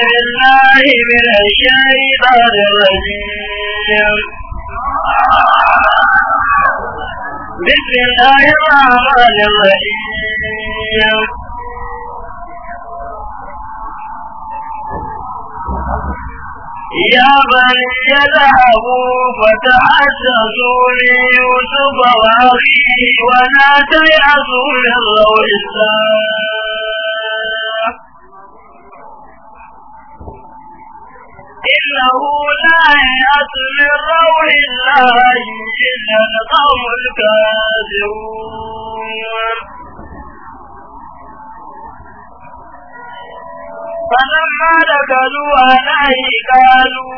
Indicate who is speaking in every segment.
Speaker 1: بالله من الشيطان الرجيم يا بني اذهبوا فتحسسوا ليوسف واخيه ولا تيأسوا من روح الله إنه لا يأتي الروح الله إلا القوم الكافرون فلما دخلوا عليه قالوا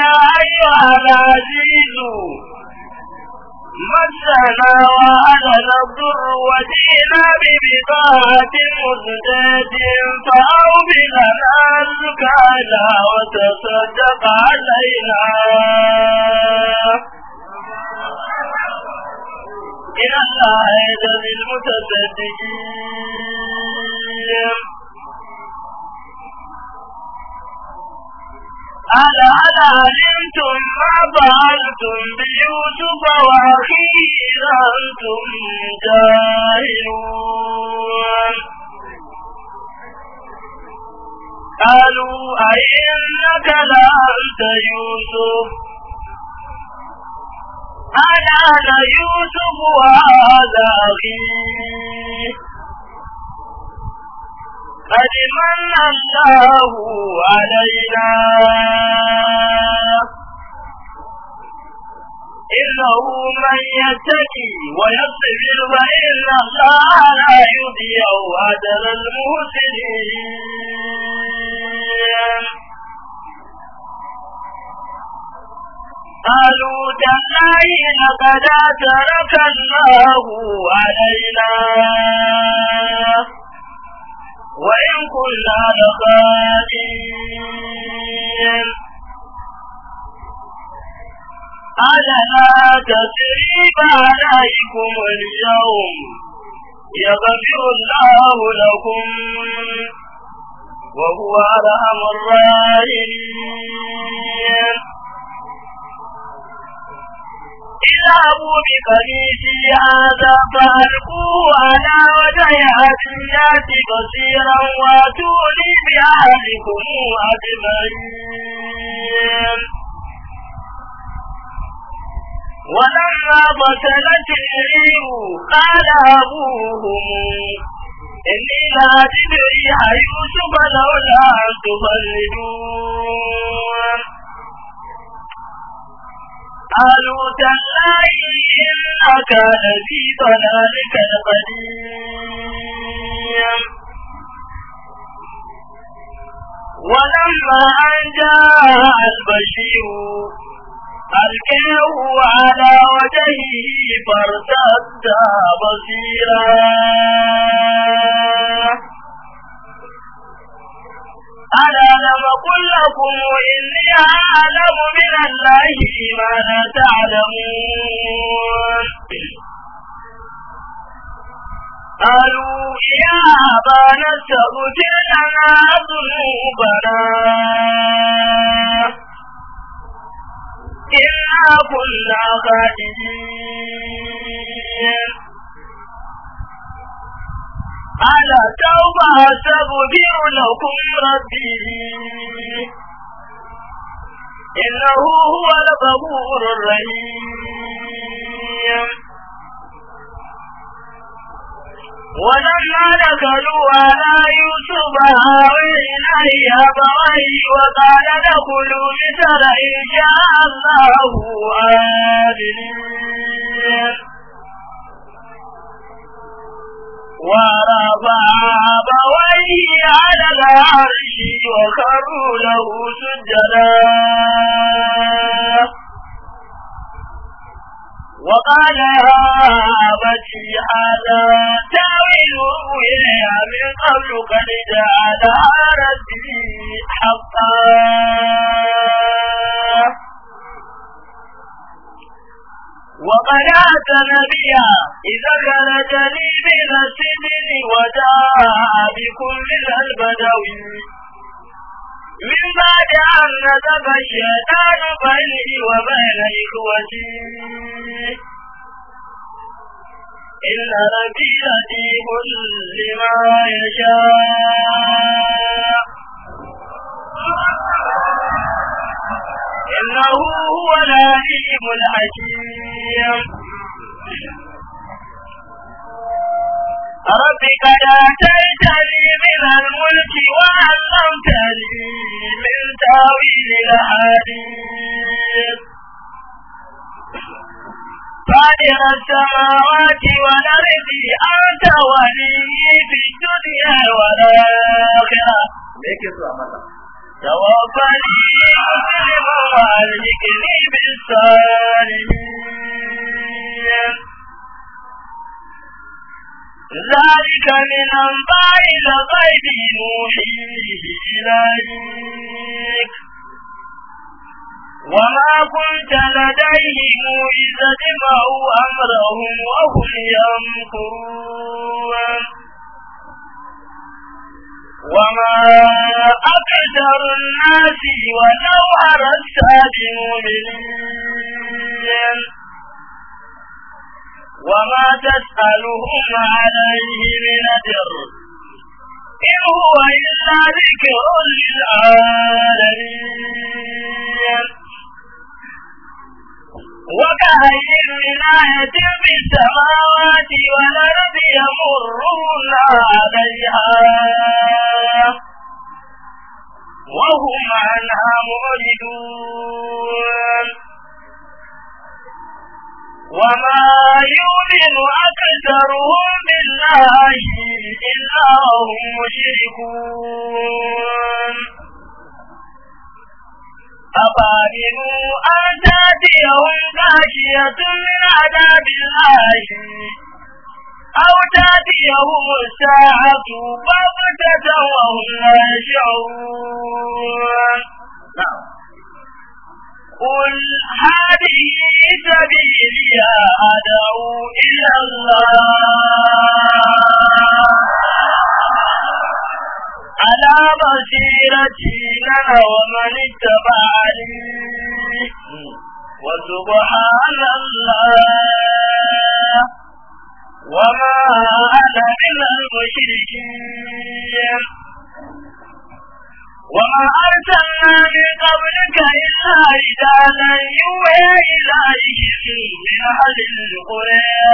Speaker 1: يا أيها العزيز مسنا وأنا نضر وجئنا ببضاعة مزداد فأوب لنا زكانا وتصدق علينا
Speaker 2: إن الله يجزي
Speaker 1: المتصدقين ألا ألا علمتم ما فعلتم بيوسف وأخيرا أنتم جاهلون قالوا أئنك لأنت يوسف أنا أنا يوسف وهذا أخي ألمن أمناه علينا إنه من يتكي ويصبر وإن الله لا يضيع أجل المرسلين قالوا تالله لقد أترك الله علينا وإن كنا لخائن
Speaker 2: ألا تسريب عليكم
Speaker 1: اليوم يغفر الله لكم وهو على أمر الراهنين اذهبوا بقميصي هذا فألقوه على وجه الناس بصيرا واتوني بأهلكم أجمعين ولما بطلت الريح قال أبوهم إني لأجد ريح يوسف لولا أن تفلدون قالوا تالله إنك لفي ضلالك القديم ولما أن جاء البشير ألقيه على وجهه فارتد بصيرا ألا لم أقل لكم إني أعلم من الله ما لا تعلمون قالوا يا أبانا استغفر لنا ذنوبنا إنا كنا خائبين على توبة سأبدر لكم ربي إنه هو الغفور الرحيم ولما دخلوا على يوسف هاوين إليه أبويه وقال دخلوا مثل إن شاء الله آمين ورفع أبويه على العرش وخروا له سجدا وقال يا أبتي هذا تاويل رؤيا من قبل قد جعلها ربي حقا وبنات نبيا إذا كان جنيب من السنين وجاء بكل البدوي مما جاء نسب الشيطان بيني وبين إخوتي إن ربي لطيف لما يشاء إنه هو العليم الحكيم رب قد آتيتني من الملك وعلمتني من تأويل الأحاديث فاطر السماوات والأرض أنت ولي في الدنيا والآخرة توفني مسلم وأهلكني بالسالمين ذلك من أنباء الغيب نوحيه إليك وما كنت لديهم إذا اجمعوا أمرهم وهم يمكرون وما أكثر الناس ولو أردت بمؤمنين وما تسألهم عليه من أجر إن هو إلا ذكر للعالمين وكأين من آية في السماوات والأرض يمرون عليها وهم عنها معرضون وما يؤمن أكثرهم بالله إلا هم مشركون أفأمنوا أن تأتيهم غاشية من عذاب الله أو تأتيهم الساعة بغتة وهم لا يشعرون قل هذه سبيلي أدعو إلى الله على بصيرتي ومن اتبعني وسبحان الله وما أنا من المشركين وما أرسلنا من قبلك إلا رجالا يوحي إليهم من أهل القرى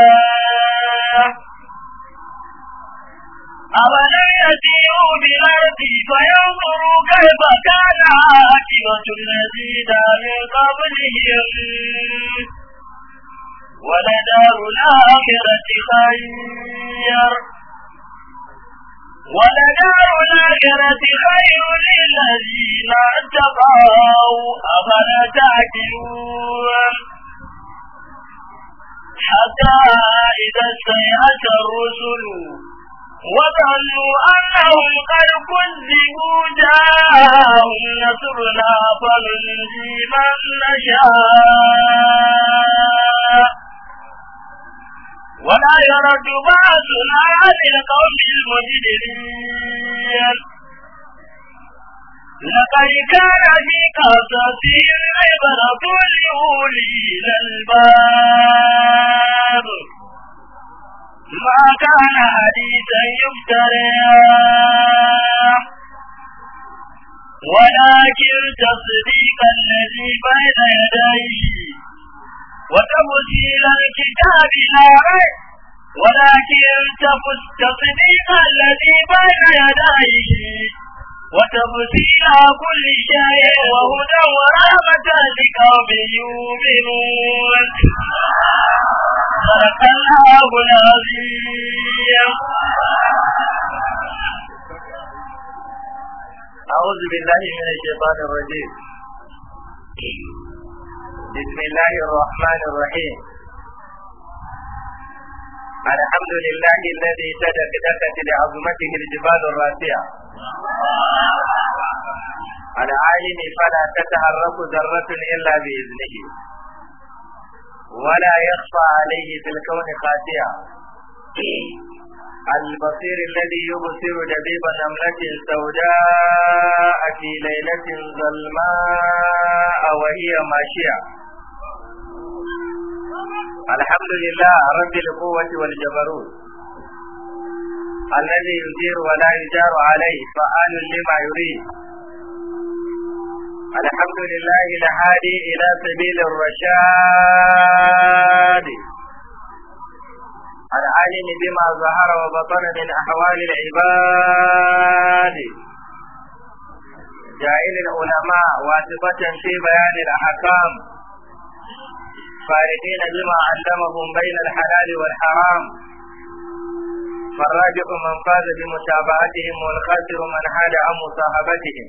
Speaker 1: أولم يسيروا بالأرض فينظروا كيف كان عاقبة الذين من قبلهم ولدار الآخرة خير ولدار الآخرة خير للذين اتقوا أفلا تعقلون حتى إذا استيأس الرسل وظنوا أنهم قد كذبوا جاءهم نصرنا فننجي من نشاء ولا يرد بأسنا عن القوم المجرمين لقد كان في قصصهم عبرة لأولي الألباب ما كان حديثا يفترى ولكن تصديق الذي بين يديه وتفسير الكتاب لا ولكن تصديق الذي بين يديه وتفسير كل شيء وهدى ورحمة لقوم يؤمنون
Speaker 2: صدق الله العظيم
Speaker 1: أعوذ بالله من الشيطان الرجيم بسم الله الرحمن الرحيم الحمد لله الذي سدك دكت لعظمته الجبال الراسية العالم فلا تتحرك ذرة إلا بإذنه ولا يخفى عليه في الكون خاسئة البصير الذي يبصر دبيب نملة سوداء في ليلة ظلماء وهي ماشية الحمد لله رب القوة والجبروت الذي يدير ولا يجار عليه فعال لما يريد الحمد لله الهادي إلى سبيل الرشاد العالم بما ظهر وبطن من أحوال العباد جائل العلماء واسطة في بيان الأحكام فارقين بما علمهم بين الحلال والحرام فالراجح من فاز بمتابعتهم والخاسر من حاد عن مصاحبتهم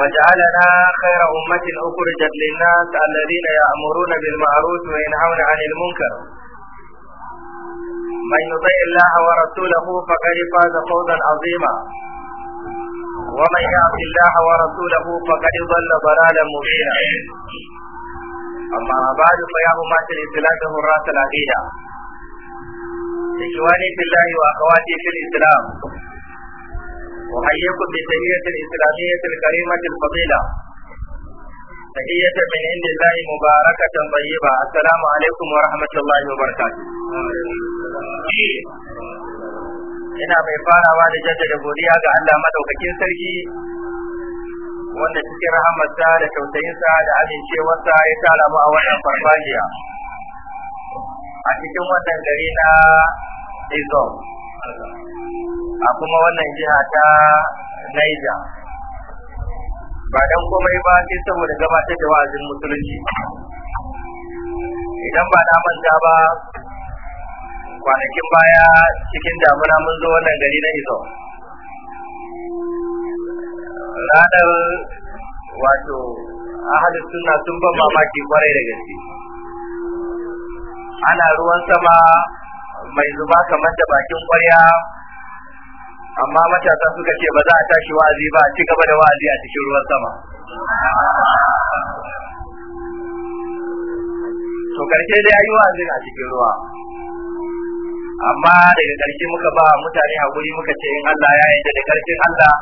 Speaker 1: وجعلنا خير أمة أخرجت للناس الذين يأمرون بالمعروف وينهون عن المنكر من يطيع الله ورسوله فقد فاز فوزا عظيما ومن يعص الله ورسوله فقد ضل ضلالا مبينا أما بعد فيا أمة الإسلام هراس العديدة إخواني في الله وأخواتي في الإسلام أحييكم بتحية الإسلامية الكريمة الفضيلة تحية من عند الله مباركة طيبة السلام عليكم ورحمة الله وبركاته ina mai farawa da jaddada godiya ga Allah madaukakin sarki wanda cikin rahamarsa da tausayinsa da amincewarsa ya tara mu a wannan farfajiya a cikin wannan gari na Izom. a kuma wannan jiha ta naija ba dan komai ba sai saboda gabatar da wa'azin musulunci idan ba na manta ba kwanakin baya cikin damuna mun zo wannan gari na iso ranar wato ahalin suna sun ban mamaki kwarai da gaske ana ruwan sama mai zuba kamar da bakin kwarya amma matasa suka ce ba za a tashi wa'azi ba a ci gaba da wa'azi a cikin ruwan sama to karshe dai ayi wa'azi a cikin ruwa amma daga karshe muka ba mutane hakuri muka ce in Allah ya yi da karshen Allah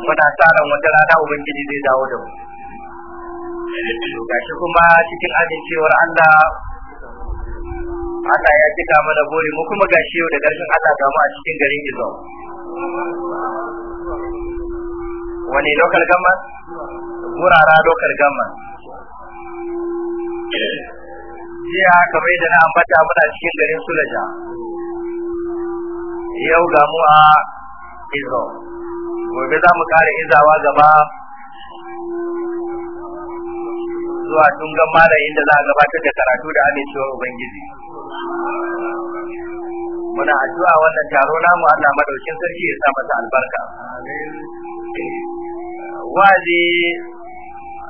Speaker 1: muna sa ran wata rana ubangiji zai dawo da mu to gashi kuma cikin amincewar Allah Allah ya cika mana gori mu kuma gashi yau da ƙarshen Allah ga mu a cikin garin Izo wani local government gurara local government jiya kamar da na ambata muna cikin garin Sulaja yau ga mu a Izo gobe za mu kare izawa gaba zuwa tun ga malam inda za a gabatar da karatu da amincewar ubangiji muna addu'a wannan taro namu Allah madaukin sarki ya sa masa albarka wazi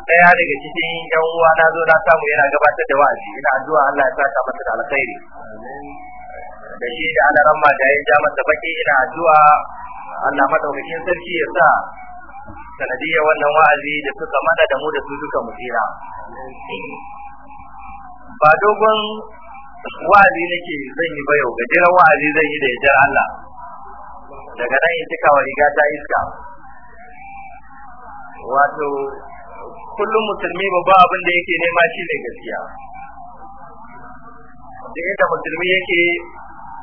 Speaker 1: daya daga cikin yan uwa na zo na samu yana gabatar da wazi, ina addu'a Allah ya saka masa da alkhairi da shi da alaran ramma da ya ja masa baki ina addu'a Allah madaukakin sarki ya sa sanadiyar wannan wa'azi da suka mana da mu da su duka mu tsira ba dogon wa'azi nake zan yi ba yau gajeren wa'azi zan yi da ya Allah daga nan in cika wa riga ta iska wato kullum musulmi babba abin da yake nema shi ne gaskiya da musulmi yake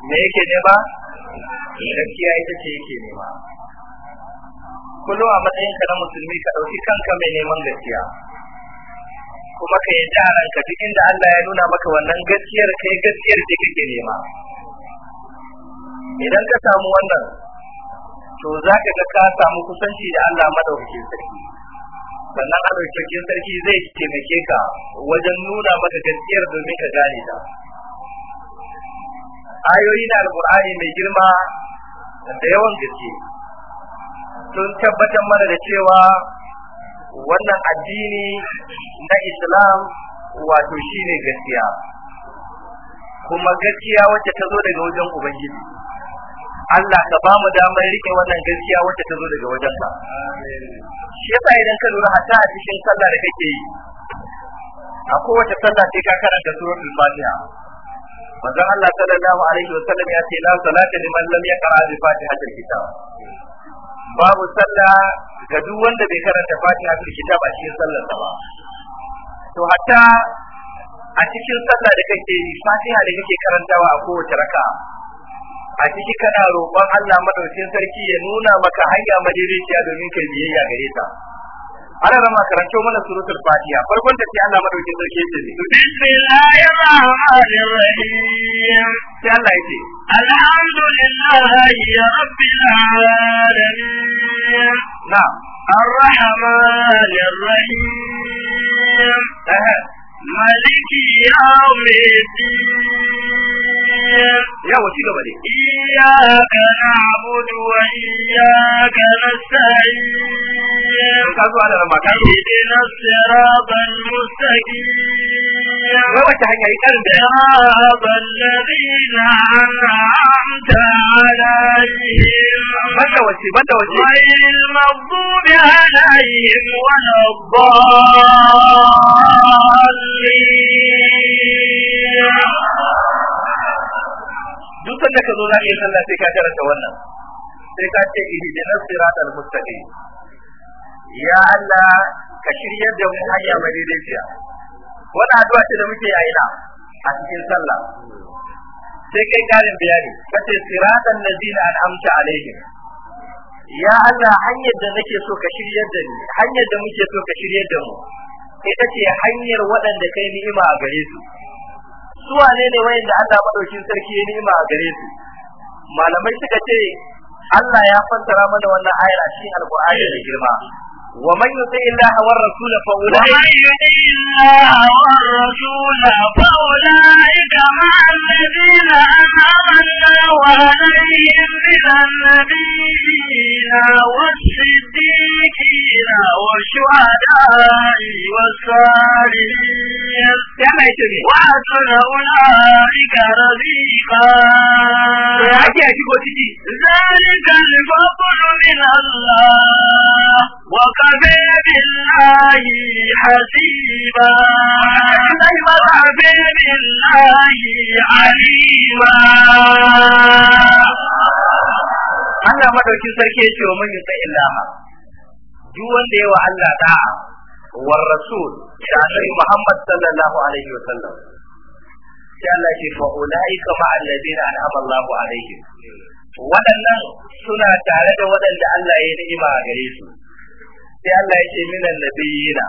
Speaker 1: me yake nema gaskiya ita ce yake nema kullum a ka na musulmi ka ɗauki kanka mai neman gaskiya kuma ka yi a ranka duk inda Allah ya nuna maka wannan gaskiyar kai gaskiyar ce kake nema idan ka samu wannan to za ka ga ka samu kusanci da Allah madaukakin sarki sannan Allah cikin sarki zai taimake ka wajen nuna maka gaskiyar domin ka gane ta ayoyi na alqur'ani mai girma da yawan gaske sun tabbatar mana da cewa wannan addini na islam wato shine gaskiya kuma gaskiya wacce ta zo daga wajen ubangiji Allah ka ba mu damar rike wannan gaskiya wacce ta zo daga wajen sa shi yasa idan ka lura hatta a cikin sallah da kake yi a kowace sallah sai ka karanta suratul fatiha manzon Allah sallallahu alaihi wasallam ya ce la salata liman lam yaqra bi fatihatil kitab babu sallah ga duk wanda bai karanta fatiha fil kitab a cikin sallar ba to hatta a cikin sallah da kake yi fatiha da kake karantawa a kowace raka a ciki kana roƙon Allah madaukakin sarki ya nuna maka hanya madaidaiciya domin kai biyayya gare ta ana zama karanto mana suratul fatiha farkon da sai Allah madaukin sarki yake ne bismillahir rahmanir rahim sai Allah yake alhamdulillahi rabbil alamin na arrahmanir rahim eh. maliki yawmiddin يا وكيل بدي إياك نعبد وإياك نستعين كذو على رما اهدنا الصراط المستقيم إيه صراط الذين أنعمت عليهم غير المغضوب عليهم ولا الضالين da ka zo za ka yi sallah sai ka karanta wannan sai ka ce ihdinas siratal mustaqim ya Allah ka shiryar da mu hanya mai daidaiya wannan addu'a ce da muke yi na a cikin sallah sai kai karin bayani kace siratan ladina an'amta alaihim ya Allah hanyar da nake so ka shiryar da ni hanyar da muke so ka shiryar da mu ita ce hanyar waɗanda kai ni'ima a gare su su wane ne da Allah madaukin sarki ya nima a gare su malamai suka ce Allah ya fassara mana wannan ayar a cikin alqur'ani da girma ومن يطع الله والرسول فاولئك ومن يطع الله والرسول فاولئك مع الذين انعم الله عليهم من النبيين والصديقين والشهداء والصالحين وحسن اولئك رفيقا ذلك الفضل من الله وكفى بالله حسيبا وكفى بالله عليما Allah madaukin sarki ya ce wa man yusa illaha duk wanda yawa Allah da'a wa rasul da annabi Muhammad sallallahu alaihi wa sallam sai Allah ce fa ulaika ma alladhina an'ama Allahu alaihim waɗannan suna tare da waɗanda Allah ya ni'ima gare su sai Allah ya ce minan nabiyina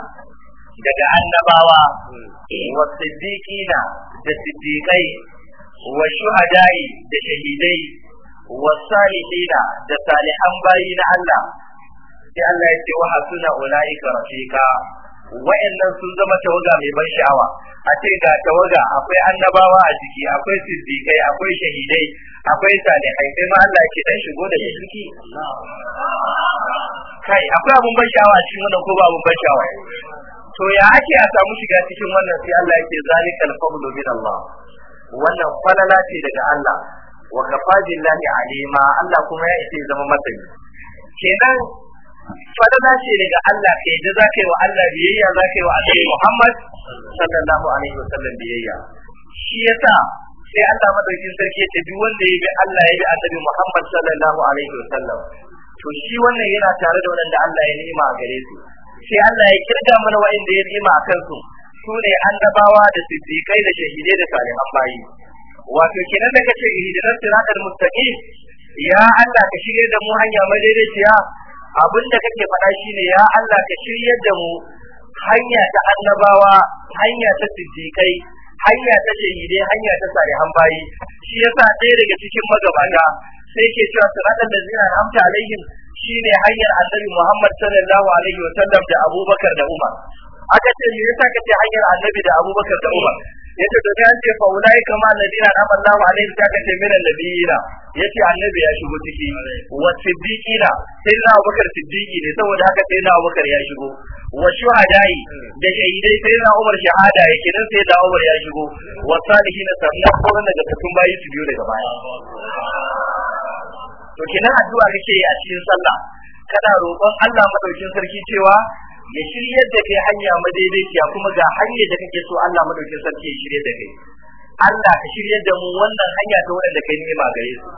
Speaker 1: daga annabawa hmm. wa siddiqina da siddiqai wa shuhada'i da shahidai wa salihina da salihan bayi na Allah sai Allah ya ce wa hasuna ulaika Wa wa'annan sun zama tawaga mai ban sha'awa a ce ga tawaga akwai annabawa a ciki akwai siddiqai akwai shahidai akwai salihai sai ma Allah ya ce dan shigo da shi kai akwai abun ban sha'awa cikin wannan ko ba abun ban sha'awa to ya ake a samu shiga cikin wannan sai Allah yake zalikal fadlu min Allah wannan falala ce daga Allah wa kafa alima Allah kuma ya ce zama matsayi kenan falala ce daga Allah kai da zaka yi wa Allah biyayya zaka yi wa Annabi Muhammad sallallahu alaihi wasallam biyayya shi yasa sai Allah madaukin sarki ya ce duk wanda ya bi Allah ya bi Annabi Muhammad sallallahu alaihi wasallam to shi wannan yana tare da da Allah ya nima gare su sai Allah ya kirga mana waɗanda ya nima a kansu su ne annabawa da siddiqai da shahidai da salihan bayi wato kenan daga ce hijirar siratal mustaqim ya Allah ka shirye da mu hanya madaidaiciya abin da kake faɗa shine ya Allah ka shirye da mu hanya ta annabawa hanya ta siddiqai hanya ta dai hanya ta salihan bayi shi yasa ɗaya daga cikin magabata sai ke cewa siratal ladzina an'amta alaihim shine hanyar annabi Muhammad sallallahu alaihi wa sallam da Abubakar da Umar aka ce me yasa kace hanyar annabi da Abubakar da Umar yace to sai an ce fa ulai kama na anama Allahu alaihim ta kace min annabiyina yace annabi ya shigo ciki wa siddiqina sai na Abubakar siddiqi ne saboda haka sai na Abubakar ya shigo wa shuhadai da shahidai sai na Umar shahada yake nan sai da Umar ya shigo wa salihina na kuma daga cikin bayi su biyu daga baya to kenan addu'a yi a cikin sallah kana roƙon Allah madaukin sarki cewa ya shiryar da kai hanya madaidaiciya kuma ga hanyar da kake so Allah madaukin sarki ya shirye da kai Allah ka shirye da mu wannan hanya ta wanda kai ma gare su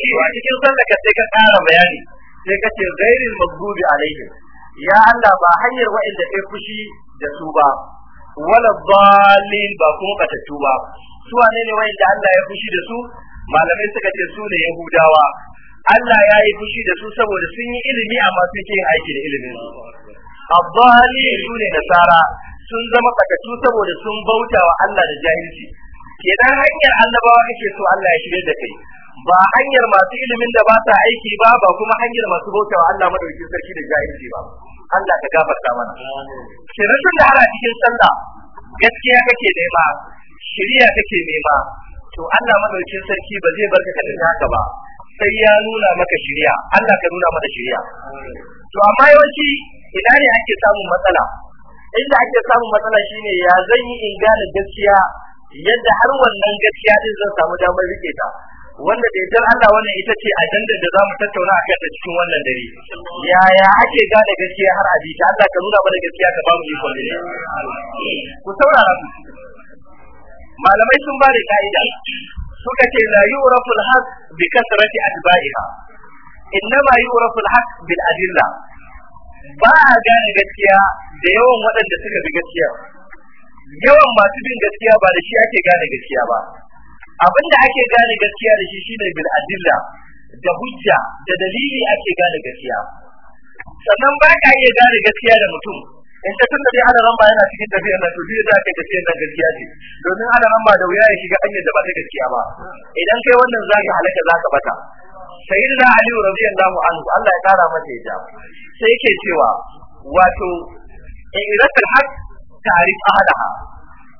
Speaker 1: cewa cikin sallar ka sai ka ƙara bayani sai ka ce ghairil maghdubi alaihim ya Allah ba hanyar wa'anda kai fushi da su ba wala dalil ba kuma batattu ba su wane ne wa'anda Allah ya fushi da su malamai suka ce su ne yahudawa Allah ya yi fushi da su saboda sun yi ilimi amma sun ke aiki da ilimin su abbali su ne nasara sun zama fakatu saboda sun bauta wa Allah da jahilci kenan hanyar annabawa kake so Allah ya shirye da kai ba hanyar masu ilimin da ba ta aiki ba ba kuma hanyar masu bauta wa Allah madaukakin sarki da jahilci ba Allah ka gafarta mana sun da ana cikin sallah gaskiya kake nema shirya kake nema to Allah madaukakin sarki ba zai barka ka da haka ba sai ya nuna maka shirya Allah ka nuna maka shirya to amma yawanci ina ne ake samun matsala inda ake samun matsala shine ya zan yi in gane gaskiya yadda har wannan gaskiya din zan samu damar rike ta wanda da yadda Allah wannan ita ce ajandar da zamu tattauna a ta cikin wannan dare yaya ake gane gaskiya har abi ta Allah ka nuna mana gaskiya ka ba mu ikon ne ku saurara malamai sun ba da ka'ida suka ce la yuraful haq bi kasrati atba'iha innama yuraful haq bil adilla ba a gane gaskiya da yawan waɗanda suka bi gaskiya yawan masu bin gaskiya ba da shi ake gane gaskiya ba abin da ake gane gaskiya da shi shine bil adilla da hujja da dalili ake gane gaskiya sannan ba ka iya gane gaskiya da mutum in ka tunda dai yana cikin tafiya na to duk da gaskiya na gaskiya ce domin ana ramba da wuya ya shiga hanyar da ba ta gaskiya ba idan kai wannan zaka halaka zaka bata da ali radiyallahu anhu Allah ya kara masa ita. sai yake cewa wato iratul haq ta'rif ahadaha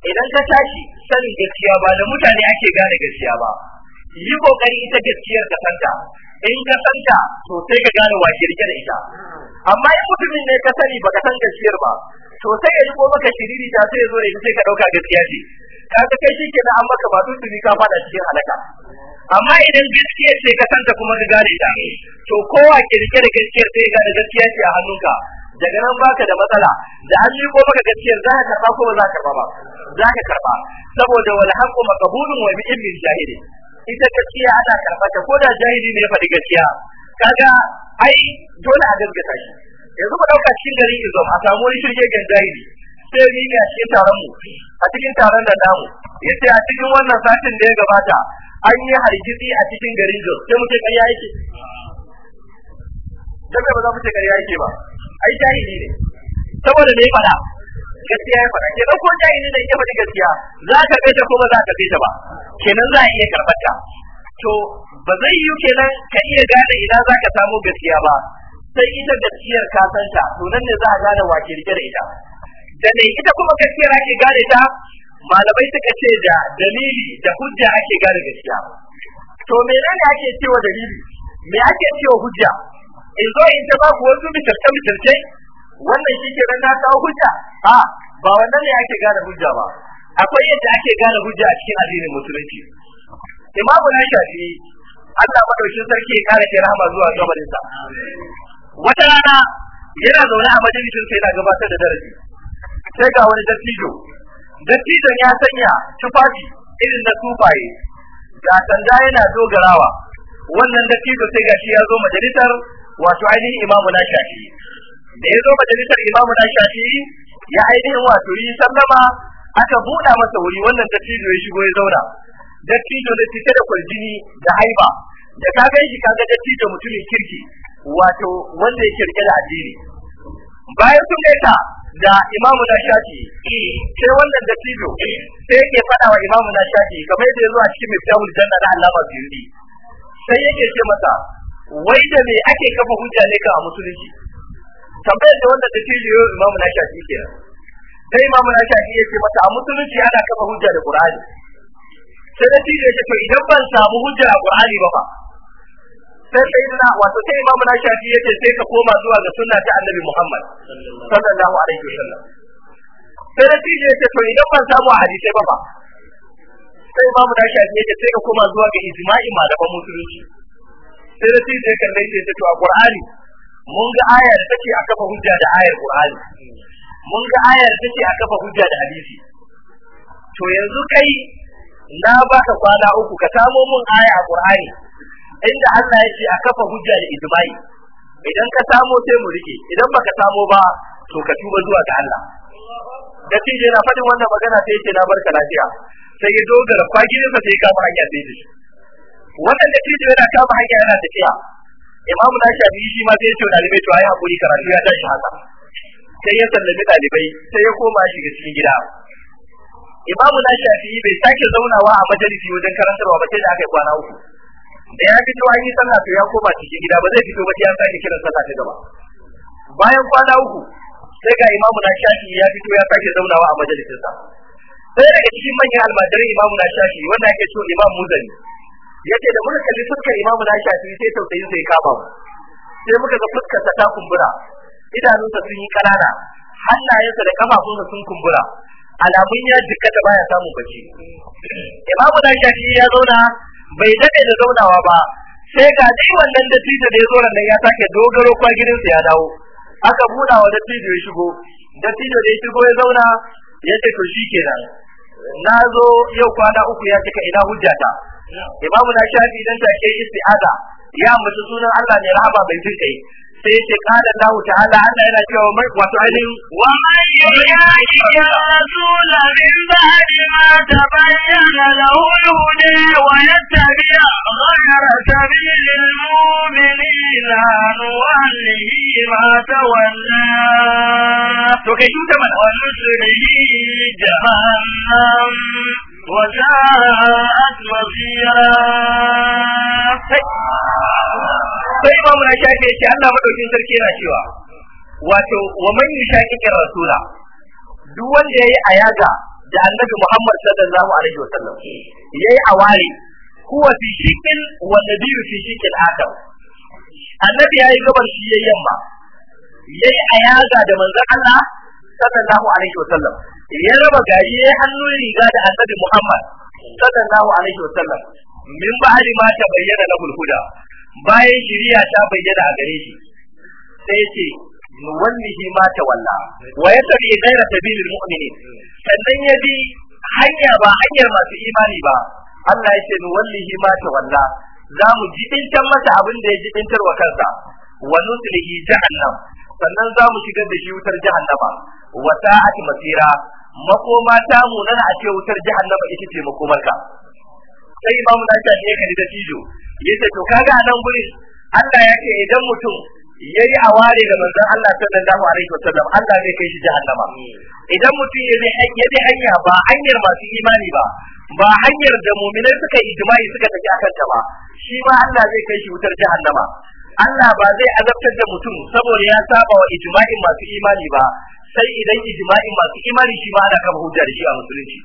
Speaker 1: idan ka tashi sanin gaskiya ba da mutane ake gane gaskiya ba yi kokari ita gaskiyar ka santa in ka santa to sai ka gane wa rike da ita amma in mutumin ne ka sani baka san gaskiyar ba to sai ya riko maka shiriri ta sai ya zo da ita sai ka dauka gaskiya ce kaga kai shi ke an maka ba tuntuni ka fada cikin halaka amma idan gaskiya ce ka santa kuma ka gane ta to kowa ke rike da gaskiyar sai ga da gaskiya ce a hannunka daga nan baka da matsala da an yi ko maka gaskiyar za ka karba ko za ka karba ba za ka karba saboda wal haqqu maqbulun wa bi ilmin jahili ita gaskiya ana karba ta ko da jahili ne ya faɗi gaskiya kaga ai dole a gaskata shi yanzu ba dauka cikin gari zo a samu wani shirye gan jahili sai ni ne a cikin taron mu a cikin taron da namu yace a cikin wannan satin da ya gabata an yi hargitsi a cikin garin Jos sai muke kai yake dan ba za mu ce kai yake ba ai dai ne saboda me fara gaskiya ya fara ke dauko dai ne ya fara gaskiya za ka kai ta ko ba za ka kai ta ba kenan za a iya karɓar ta to ba zai yi kenan ka iya gane ina za ka samu gaskiya ba sai ita gaskiyar ka san ta to nan ne za a gane ke rike da ita Da sannan ita kuma gaskiya ake gane ta malamai suka ce da dalili da hujja ake gane gaskiya to me ne ake cewa dalili me ake cewa hujja in zo in ta baku wasu mitarce mitarce wannan shi ke na kawo hujja a ba wannan ne ake gane hujja ba akwai yadda ake gane hujja a cikin addinin musulunci imamu na shafi Allah madaukin sarki ya kara Rahama zuwa gabarinsa wata rana yana zaune a majalisin sai na gabatar da darasi sai ga wani dattijo dattijon ya sanya tufafi irin na tufaye ga sanda yana dogarawa wannan dattijo sai gashi ya zo majalisar wato ainihin imamu na shafi da ya zo majalisar imamu na shafi ya ainihin wato yi sallama aka buɗa masa wuri wannan dattijo ya shigo ya zauna dattijo da cike da kwaljini da haiba da ka gan shi ka ga dattijo mutumin kirki wato wanda ya kirkira addini bayan sun gaita da imamu na shafi eh. sai wannan da tijo eh. sai yake faɗa wa imamu na shafi kamar yadda ya zo a cikin miftahul janna na alama biyu. sai yake ce masa wai da me ake kafa hujja ne ka a musulunci tambayar da wannan da tijo yau imamu na shafi ke sai imamu na shafi ce masa a musulunci ana kafa hujja da qur'ani sai da tijo yake to idan ban samu hujja a qur'ani ba fa sai sai na wato sai imamu na shafi yace sai ka koma zuwa ga sunna ta annabi Muhammad sallallahu alaihi wasallam sai da tije ce to idan ban samu hadisi ba ba sai imamu na shafi yace sai ka koma zuwa ga ijma'i malaman musulunci sai da tije kalle yace to a Qur'ani mun ga aya da take a kafa hujja da ayar Qur'ani mun ga aya da take a kafa hujja da hadisi to yanzu kai na baka kwana uku ka samo mun aya a Qur'ani inda Allah yake a kafa hujja da ijma'i idan ka samo sai mu rike idan baka samo ba to ka tuba zuwa ga Allah da tije na faɗin wannan magana sai yake na barka lafiya sai ya dogara fagire sa sai ka ba hanya sai da shi wannan da yana ka ba hanya yana tafiya imamu shi shafi shi ma sai ya ce dalibai to ai hakuri karatu ya tashi haka sai ya sallami dalibai sai ya koma ga cikin gida imamu na shafi bai sake zaunawa a majalisi wajen karantarwa ba sai da aka yi kwana uku da ya fito an yi sallah to ya koma cikin gida ba zai fito ba sai an sake kiran sallah ta gaba bayan kwana uku sai ga imamu na shafi ya fito ya sake zaunawa a majalisinsa sai daga cikin manyan almajirin imamu na shafi wanda ake so imam ya ce da muka kalli fuskar imamu na shafi sai tausayin sai kama mu sai muka ga fuskar ta kumbura idanunsa sun yi kanana hannayensa da kafafunsa sun kumbura alamun ya jikka baya samun bacci imamu na shafi ya zauna bai daɗe da zaunawa ba sai ga dai wannan da ya da yazo nan ya sake dogaro kwa gidansa ya dawo aka buɗa wa da ya shigo dattijo da ya shigo ya zauna ya ce to shikenan na zo yau kwana uku ya cika ina hujjata imamu na shafi dan take isti'ada ya mutu sunan Allah ne rahama bai jin sai yake kala Allah ta'ala Allah yana cewa mai wato ainihin wa man yashi ya rasul min ba'di ma tabayyana lahu al-huda wa yattabi' ghayra sabilil mu'minina nuwallihi ma tawalla to kai shi ta mana wannan sirri jahannam وجاءت وزيرا sai imamu na shafi ya ce Allah madaukin sarki yana cewa wato wa man yushaqiqi rasula duk wanda yayi ayaga da annabi Muhammad sallallahu alaihi wasallam yayi awari huwa fi shiqil wa nabiyyu fi shiqil adam annabi yayi gabar shi yayi yamma yayi ayaga da manzon Allah sallallahu alaihi wasallam ya raba gari ya hannun riga da annabi Muhammad sallallahu alaihi wasallam min ba'di ma ta bayyana na huda bayan shiriya ta bayyana a gare shi sai ce nuwallihi ma ta walla wa yatabi ghayra sabilil mu'minin sannan ya bi hanya ba hanyar masu imani ba Allah ya ce nuwallihi ma ta walla za mu jibintar masa abin da ya jibintar wa kansa wa nuslihi jahannam sannan za mu shigar da shi wutar jahannama wa sa'at masira makoma ta na a ce wutar jahannama ita ce makomarka sai imamu na ta ne kadi da tijo yace to kaga nan gurin Allah ya ce idan mutum yayi aware da manzon Allah sallallahu alaihi wasallam Allah zai kai shi jahannama idan mutum yayi yayi hanya ba hanyar masu imani ba ba hanyar da mu'minai suka yi ijma'i suka tafi akan ta ba shi ma Allah zai kai shi wutar jahannama Allah ba zai azabtar da mutum saboda ya saba wa ijma'in masu imani ba sai idan ijma'in masu imani shi ba ana kama hujja da shi a musulunci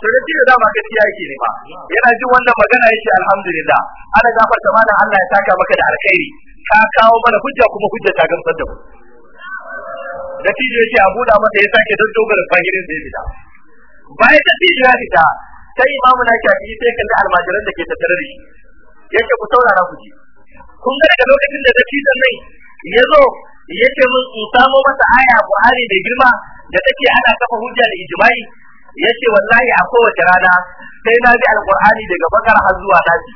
Speaker 1: to da shi da dama gaskiya yake ne ba, yana jin wannan magana yake alhamdulillah ana ta mana Allah ya saka maka da alkhairi ka kawo mana hujja kuma hujja ta gamsar da mu da tijo yake a da masa ya sake don dogara fahirin da ya fita bayan da tijo ya fita sai imamu na shafi sai kalli almajiran da ke tattare da shi yake ku saurara ku ji kun ga daga lokacin da tafi sannan ya zo ya ce min in samo masa aya Buhari mai girma da take ana kafa hujja da ijima'i? ya ce wallahi a kowace rana sai na ji alkur'ani daga bakar har zuwa nasi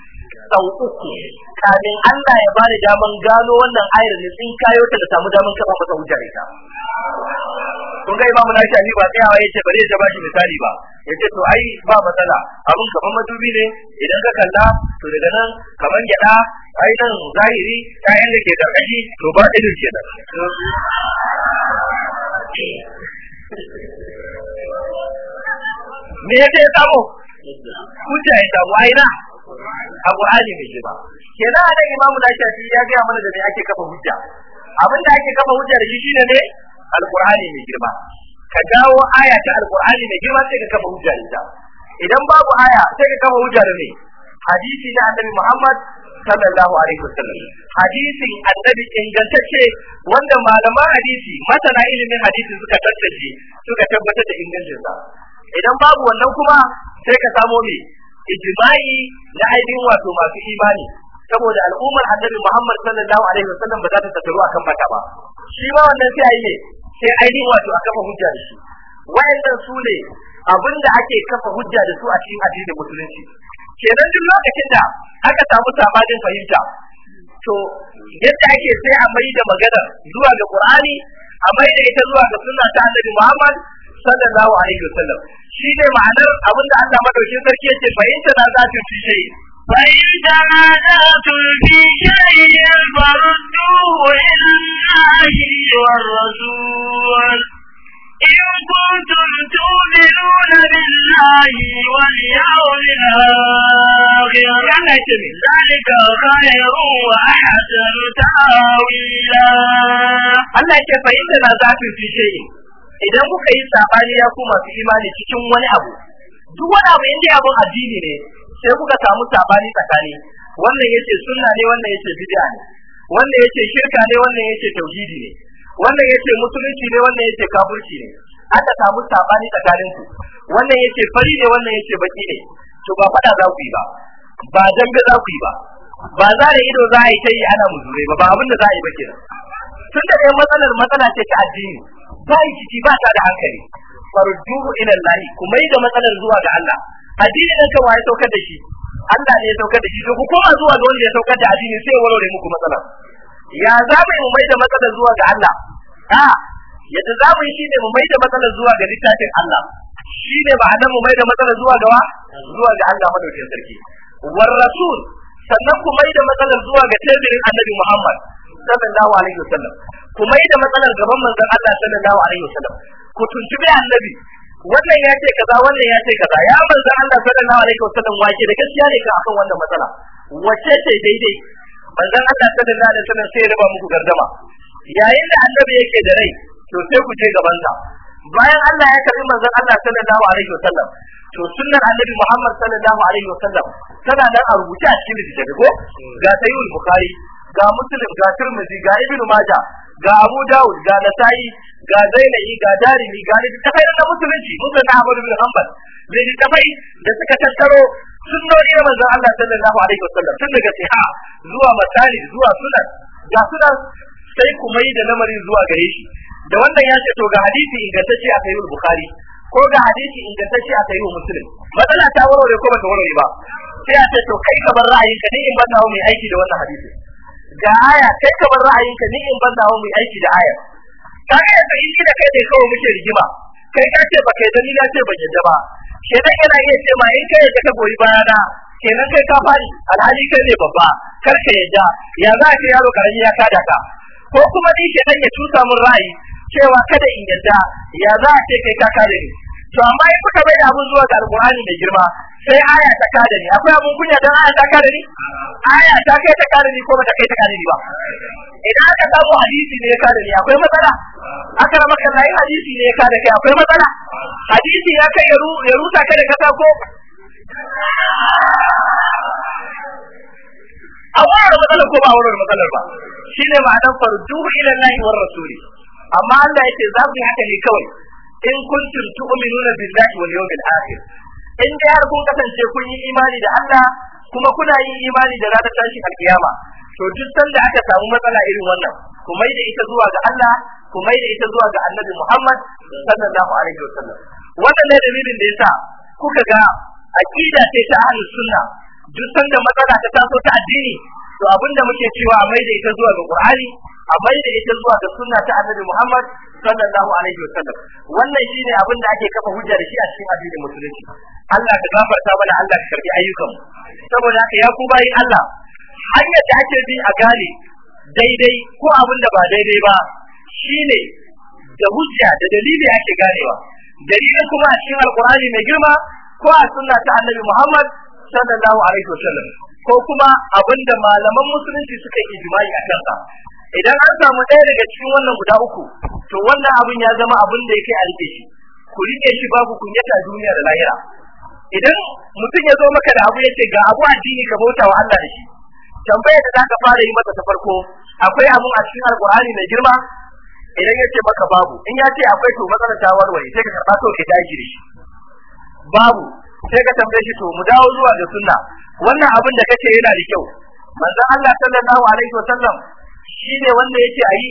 Speaker 1: sau uku kamin Allah ya bani daman gano wannan ayar ne sun kayo ta da samu daman kafa masa hujjar ita kun ga imamu nashi ba tsayawa yace bare ta bashi misali ba yace to ai ba matsala abun kaman madubi ne idan ka kalla to daga nan kaman gyada ai nan zahiri kayan da ke karkashi to ba ido ke nan me yake ya samu hujja ya samu a Qur'ani bai yi ba kenan Imamu Imam Shafi ya gaya mana da me ake kafa hujja abin da ake kafa hujja da shi shine ne Al-Qur'ani mai girma ka dawo aya ta Al-Qur'ani mai girma sai ka kafa hujja da ita idan babu aya sai ka kafa hujja da me hadisi na Annabi Muhammad sallallahu alaihi wasallam hadisin annabi ingantacce wanda malaman hadisi masana ilimin hadisi suka tattace suka tabbatar da ingancin sa idan babu wannan kuma sai ka samo me ijma'i na ainihin wato masu imani saboda al'ummar annabi Muhammad sallallahu alaihi wasallam ba za ta tattaru akan bata ba shi ma wannan sai ayi ne sai ainihin wato aka fa hujja da shi wayannan su ne abinda ake kafa hujja da su a cikin addinin musulunci kenan duk lokacin da aka samu sabanin fahimta to yadda ake sai a mai da magana zuwa ga Qur'ani a mai da ita zuwa ga sunna ta Annabi Muhammad sallallahu alaihi wasallam shi ne ma'anar abin da Allah madaukakin sarki yake bayin ta na zatu fi shay bayin ta na zatu fi shay farudu wa illahi war rasul in kuntum tu'minuna billahi wal yawmil akhir ya nabi zalika khayrun wa ahsanu ta'wila Allah ce fa inna zatu fi shay'in idan kuka yi sabani ya ku masu imani cikin wani abu duk wani abu inda bin addini ne sai kuka samu sabani tsakani wannan yace sunna ne wannan yace bid'a ne wannan yace shirka ne wannan yace tauhidi ne wannan yace musulunci ne wannan yace kafirci ne aka samu sabani tsakanin wannan wannan yace fari ne wannan yace baki ne to ba fada za ku yi ba ba dambe za ku yi ba ba za da ido za a yi ta yi ana muzure ba ba abin da za a yi ba kenan tun da matsalar matsala ce ta addini ba yi ciki ba ta da hankali farjuhu ila Allah Ku yi da matsalar zuwa ga Allah addinin nan kawai ya saukar da shi Allah ne ya saukar da shi to ku koma zuwa ga wanda ya saukar da addini sai ya warware muku matsala ya za mu mu mai da matsalar zuwa ga Allah a yadda za mu yi shi ne mu mai da matsalar zuwa ga littafin Allah shi ne ba mu mai da matsalar zuwa ga wa zuwa ga Allah madaukakin sarki war rasul sannan ku mai da matsalar zuwa ga tabirin annabi Muhammad sallallahu alaihi wasallam ku mai da matsalar gaban manzon Allah sallallahu alaihi wasallam ku tuntubi annabi wannan ya ce kaza wannan ya ce kaza ya manzon Allah sallallahu alaihi wasallam wace da gaskiya ne ka akan wannan matsala wace ce daidai manzon Allah sallallahu alaihi wasallam sai ya raba muku gardama yayin da annabi yake da rai to sai ku je gaban sa bayan Allah ya karbi manzon Allah sallallahu alaihi wasallam to sunnar annabi Muhammad sallallahu alaihi wasallam tana nan a rubuce a cikin littafi ko ga sayyid bukhari ga muslim ga tirmidhi ga ibn majah ga abu daud ga nasai ga zainabi ga darimi ga littafai da musulunci muslim na ahmad bin hanbal littafai da suka tattaro sunnoni na manzon Allah sallallahu alaihi wasallam tun daga siha zuwa masali zuwa sunan ga sunan sai kuma yi da lamarin zuwa gare shi da wannan ya ce to ga hadisi ingantacce a sayyid bukhari ko ga hadisi ingantacce a sayyid muslim matsala ta warware ko ba ta warware ba sai a ce to kai ka bar ra'ayin ka ne in ba ta mai aiki da wannan hadisi ga aya kai kamar bar ra'ayinka ni in ban dawo mu aiki da aya ga yanzu in kida kai da kawo muke rigima kai ka ce ba kai ni na ce ban yadda ba shedan yana iya ce ma in kai yadda ka goyi baya na kenan kai ka fadi alhali kai ne babba kar ka yadda ya za ka yaro karami ya kada ka ko kuma ni shedan ya tusa mun ra'ayi cewa kada in yadda ya za a ce kai ka kare ni to amma in kuka bai da abun zuwa ga alkurani mai girma sai aya ta kada ni akwai abun kunya dan aya ta kada ni aya ta kai ta kada ni ko bata kai ta kada ni ba idan aka samu hadisi ne ya kada ni akwai matsala aka rama kan nayi hadisi ne ya kada kai akwai matsala hadisi ya kai ya rusa kai da kasa ko a wannan matsalar ko ba a wurin matsalar ba Shi ne ma'anar farduhu ila Allah war rasuli amma Allah yake za ku yi haka ne kawai in kuntum tu'minuna billahi wal yawmil akhir in dai har kun kasance kun yi imani da Allah kuma kuna yi imani da ranar tashi alkiyama to duk da aka samu matsala irin wannan ku mai da ita zuwa ga Allah ku mai da ita zuwa ga Annabi Muhammad sallallahu alaihi wasallam wannan ne dalilin da yasa kuka ga aqida ce ta ahlus sunna duk da matsala ta taso ta addini to abinda muke cewa mai da ita zuwa ga Qur'ani a da ita zuwa ga sunna ta annabi Muhammad sallallahu alaihi wa sallam wannan shine abin da ake kafa hujja da shi a cikin addinin musulunci Allah ta gafarta mana Allah ka karbi ayyukan saboda haka ya ku bayi Allah hanyar da ake bi a gane daidai ko abin da ba daidai ba shine da hujja da dalili ake ganewa dalilin kuma a cikin alkur'ani mai girma ko a sunna ta annabi Muhammad sallallahu alaihi wa sallam ko kuma abinda malaman musulunci suka yi jima'i a kansa idan an samu ɗaya daga cikin wannan guda uku to wannan abin ya zama abin da yake a shi ku rike shi babu kunyata duniya da lahira idan mutum ya zo maka da abu ya ga abu addini ka bauta wa Allah da shi tambaya da zaka fara yi masa ta farko akwai abun a cikin alkur'ani mai girma idan ya maka babu in ya ce akwai to matsalar ta warware sai ka karba to ka daji da shi babu sai ka tambaye shi to mu dawo zuwa ga sunna wannan abin da kake yana da kyau manzon Allah sallallahu alaihi wasallam shi ne wanda yake a yi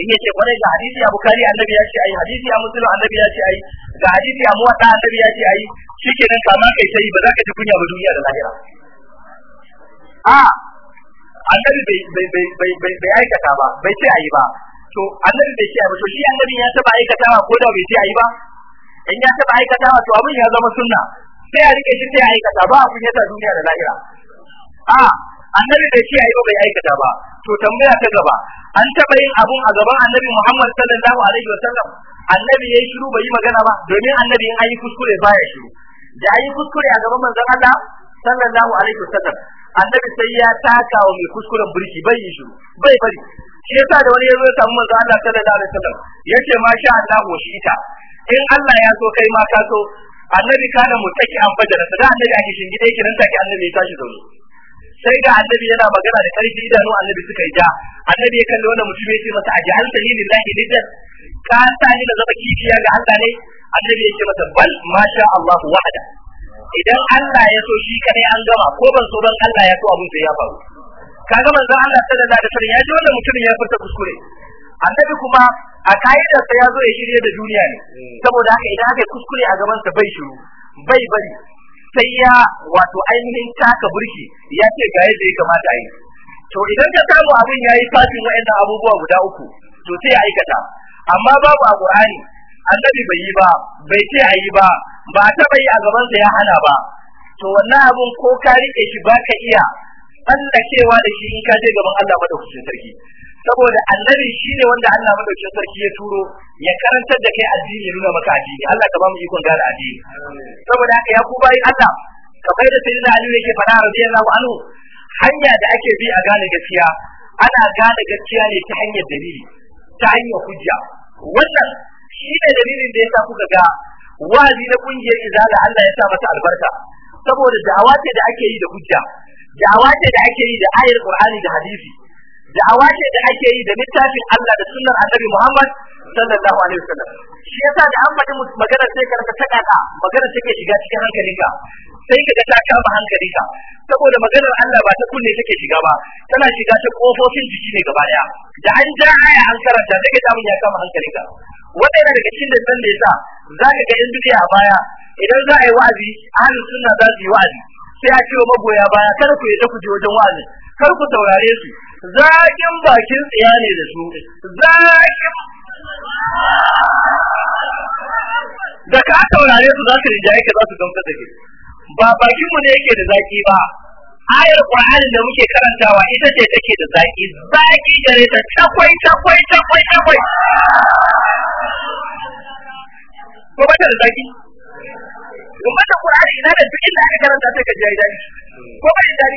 Speaker 1: in yake kwarai ga hadisi a bukari annabi ya ce a yi hadisi a musulun annabi ya ce a yi ga hadisi a muwaɗa annabi ya ce a yi shi ke nan kama kai ta yi ba za ka ji kunya ba duniya da lahira a annabi bai aikata ba bai ce a yi ba to annabi bai ce a yi ba to shi annabi ya taɓa aikata aikatawa ko da bai ce a yi ba in ya taɓa aikata aikatawa to abin ya zama sunna sai a rike shi sai a aikata ba a kunyata duniya da lahira a annabi bai ce ayi bai aikata ba to tambaya ta gaba an taba yin abun a gaban annabi Muhammad sallallahu alaihi wasallam annabi yayi shiru bai yi magana ba domin annabi in ayi kuskure baya shiru da ayi kuskure a gaban manzon Allah sallallahu alaihi wasallam annabi sai ya taka wa mai kuskuren burki bai yi shiru bai bari shi yasa da wani yazo ya samu manzon Allah sallallahu alaihi wasallam yace masha Allah shi ita in Allah ya so kai ma ka so annabi kana mutaki an fajara da annabi a kishin gida yake nan take annabi ya tashi zaune sai ga annabi yana magana da karfi idanu annabi suka yi ja annabi ya kalli wannan mutum ya ce masa aji hal tani lillahi liddan ka ta ni da zama kifiya ga Allah ne annabi ya ce masa bal masha Allah wahda idan Allah ya so shi kadai an gama ko ban so ban Allah ya so abin sai ya faru kaga manzo Allah sallallahu alaihi wasallam ya ji wannan mutum ya furta kuskure annabi kuma a kaidar sa ya zo ya shirye da duniya ne hmm. saboda haka idan aka kuskure a gaban sa bai shiru bai bari sai ya wato ainihin taka burki ya ce ga yadda ya kamata yi to idan ka samu abin yayi fatin wa'annan abubuwa guda uku to sai ya aikata amma babu a Qur'ani annabi bai yi ba bai ce a yi ba ba taɓa yi a gabansa ya hana ba to wannan abun ko ka rike shi baka iya tsallakewa da shi in ka je gaban Allah madaukakin sarki saboda annabi shine wanda Allah madaukakin sarki ya turo ya karantar da kai addini ya nuna maka addini Allah ka ba mu ikon gane addini saboda haka ya ku yi Allah kamar da sayyidina Ali yake fara radiyallahu anhu hanya da ake bi a gane gaskiya ana gane gaskiya ne ta hanyar dalili ta hanyar hujja wannan shi ne dalilin da yasa kuka ga wazi na kungiyar izala Allah ya sa mata albarka saboda da'awa ce da ake yi da hujja da'awa ce da ake yi da ayar Qur'ani da hadisi da'awa ce da ake yi da littafin Allah da sunnar Annabi Muhammad sallallahu alaihi wasallam shi yasa da an faɗi magana sai ka rasa takaka magana take shiga cikin hankalinka sai ka ga ta kama hankalinka saboda maganar Allah ba ta kunne take shiga ba tana shiga ta kofofin jiki ne gaba daya da an ja aya an karanta sai ka tamu ya kama hankalinka waɗanda daga cikin da san sa, yasa zaka ga in bidiya a baya idan za a yi wa'azi ahlus sunna za su yi wa'azi sai a ce magoya baya kar ku yi ta ku je wajen wa'azi kar ku saurare su zaƙin bakin tsaya ne da su zaƙin da ka taurare su za su rinjaye ka za su gamsa da ke ba bakin mu ne yake da zaƙi ba ayar Qur'anin da muke karantawa ita ce take da zaƙi. Zaƙi gare ta takwai takwai takwai takwai ko ba ta da zaƙi? ko ba ta Qur'ani ina da duk inda aka karanta sai ka ji dai ko ba ta dai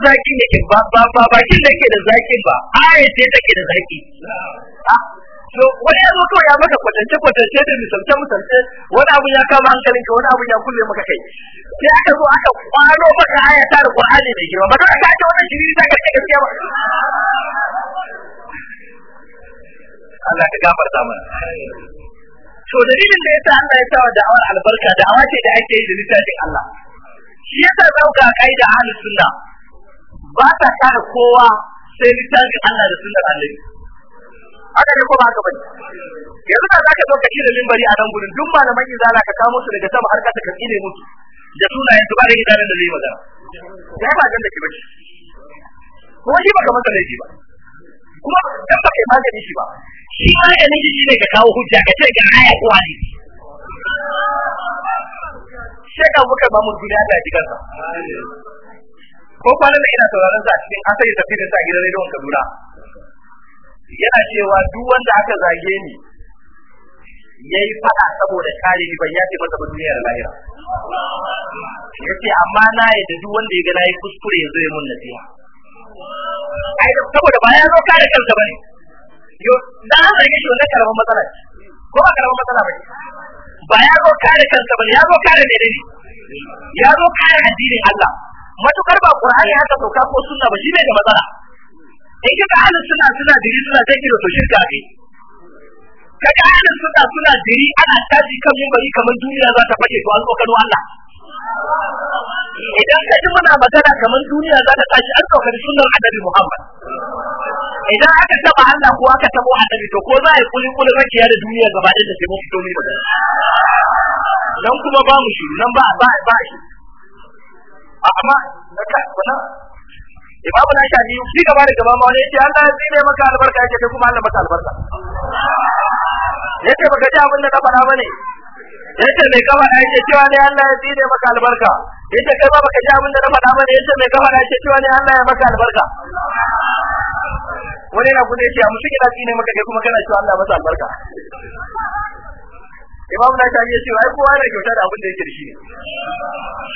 Speaker 1: zakin ne ke ba ba ba kin da ke da zakin ba sai da ke da zaki ah, to wani yazo kawai ya maka kwatance kwatance da misalta misalta wani abu ya kama hankalin ka wani abu ya kulle maka kai sai aka zo aka kwano maka aya ta Qur'ani mai girma ba za ka ta wannan shiri ta kace gaskiya ba Allah ka gafarta mana to dalilin da yasa Allah ya sa wa da'awar albarka da'awa ce da ake yi da littafin Allah shi yasa dauka kaida ahlus sunna ba ta kare kowa sai littafin Allah da sunnar Allah. haka ne ko ba haka bane yanzu ka zaka zo ka kira limbari a nan gurin duk malaman zala ka kawo su daga sama har ka ka kire musu da sunayen su bare izalan da zai magana ya ba dan da ke bace ko shi ba kamar da ba kuma dan ba kai magani shi ba shi magani shi ne ka kawo hujja ka ce ga aya ko hadisi shekaru buka ba mu duniya da jikarsa ko kwanan ina sauraron sa cikin asali tafsirin sa gidan rediyon Kaduna yana cewa duk wanda aka zage ni yayi fada saboda kare ni ban yace masa ba duniyar lahira yace amma na yadda duk wanda ya ga nayi kuskure yanzu ya mun nasiha ai saboda ba ya zo kare kansa bane yo dan an zage shi wannan karamin matsala ko ba karamin matsala bane ba ya zo kare kansa bane ya zo kare ne ne ya zo kare addinin Allah matukar ba qur'ani haka doka ko sunna ba shi ne da matsala in kika ahlus sunna suna diri suna take da shirka ne kaga ahlus sunna suna diri ana tashi kan mumbari kamar duniya za ta fashe to an tsokano Allah idan ka ji muna magana kamar duniya za ta tashi an tsokani sunnar annabi Muhammad idan aka taba Allah ko aka taba annabi to ko za a yi kulin kulin rakiya da duniya gaba ɗaya da sai mun fito ne dan kuma ba mu shi nan ba ba ba shi amma na ka kuna imamu na shafi shi gaba da gaba ma wani yace Allah ya tsine maka albarka yace kai kuma Allah maka albarka yace baka ji abin da ka faɗa bane yace mai kafa da yace cewa ne Allah ya tsine maka albarka yace kai ba baka ji abin da na faɗa bane yace mai kafa da yace cewa ne Allah ya maka albarka wani na kuɗe yace a musu kina tsine maka kai kuma kana cewa Allah masa albarka imam na ta ce ai kowa yana kyauta da abin da yake da shi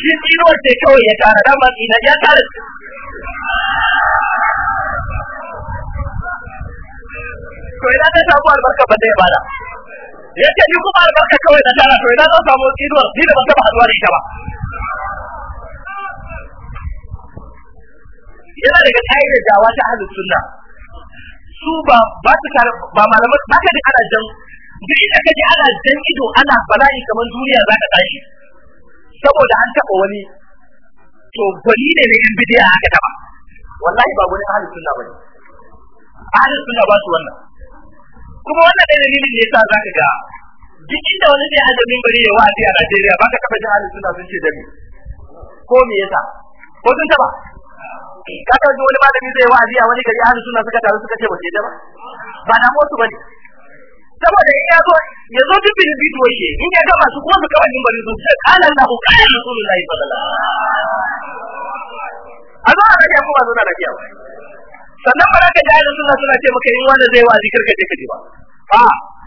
Speaker 1: shi tsiro ce kawai ya tara da ma ina ya tara to ina ta samu albarka ba zai bada ce ni kuma albarka kawai na tara to ina zan samu tsiro ni da ba ta haduwa da ita ba yana daga ƙa'idar dawa ta ahlus sunna su ba su su ba malaman ba ka da ana jan duk inda kaji ana jan ido ana bala'i kamar duniya za ka tashi saboda an taɓa wani to gwani ne ne kan bidiya aka taɓa wallahi ba wani ahlus sunna bane ahlus sunna ba su wannan kuma wannan da dalilin ne yasa zaka ga duk inda wani zai haɗa bari ya wa'azi a Najeriya ba ka taɓa jin ahlus sunna sun ce dami. ko me yasa ko sun taɓa ka taɓa wani malami zai wa'azi a wani gari ahlus sunna suka taru suka ce ba ce da ba ba na ba ne. saboda in ya zo ya zo duk bin bi shi in ya ga masu kuma su kawai bari su ce kana Allah ko kana Rasulullahi sallallahu alaihi wasallam azan da ya kuma zuna da kiyawa sannan baraka da ayyukan suna suna ce maka in wanda zai wa zikir ka je ka ji ba a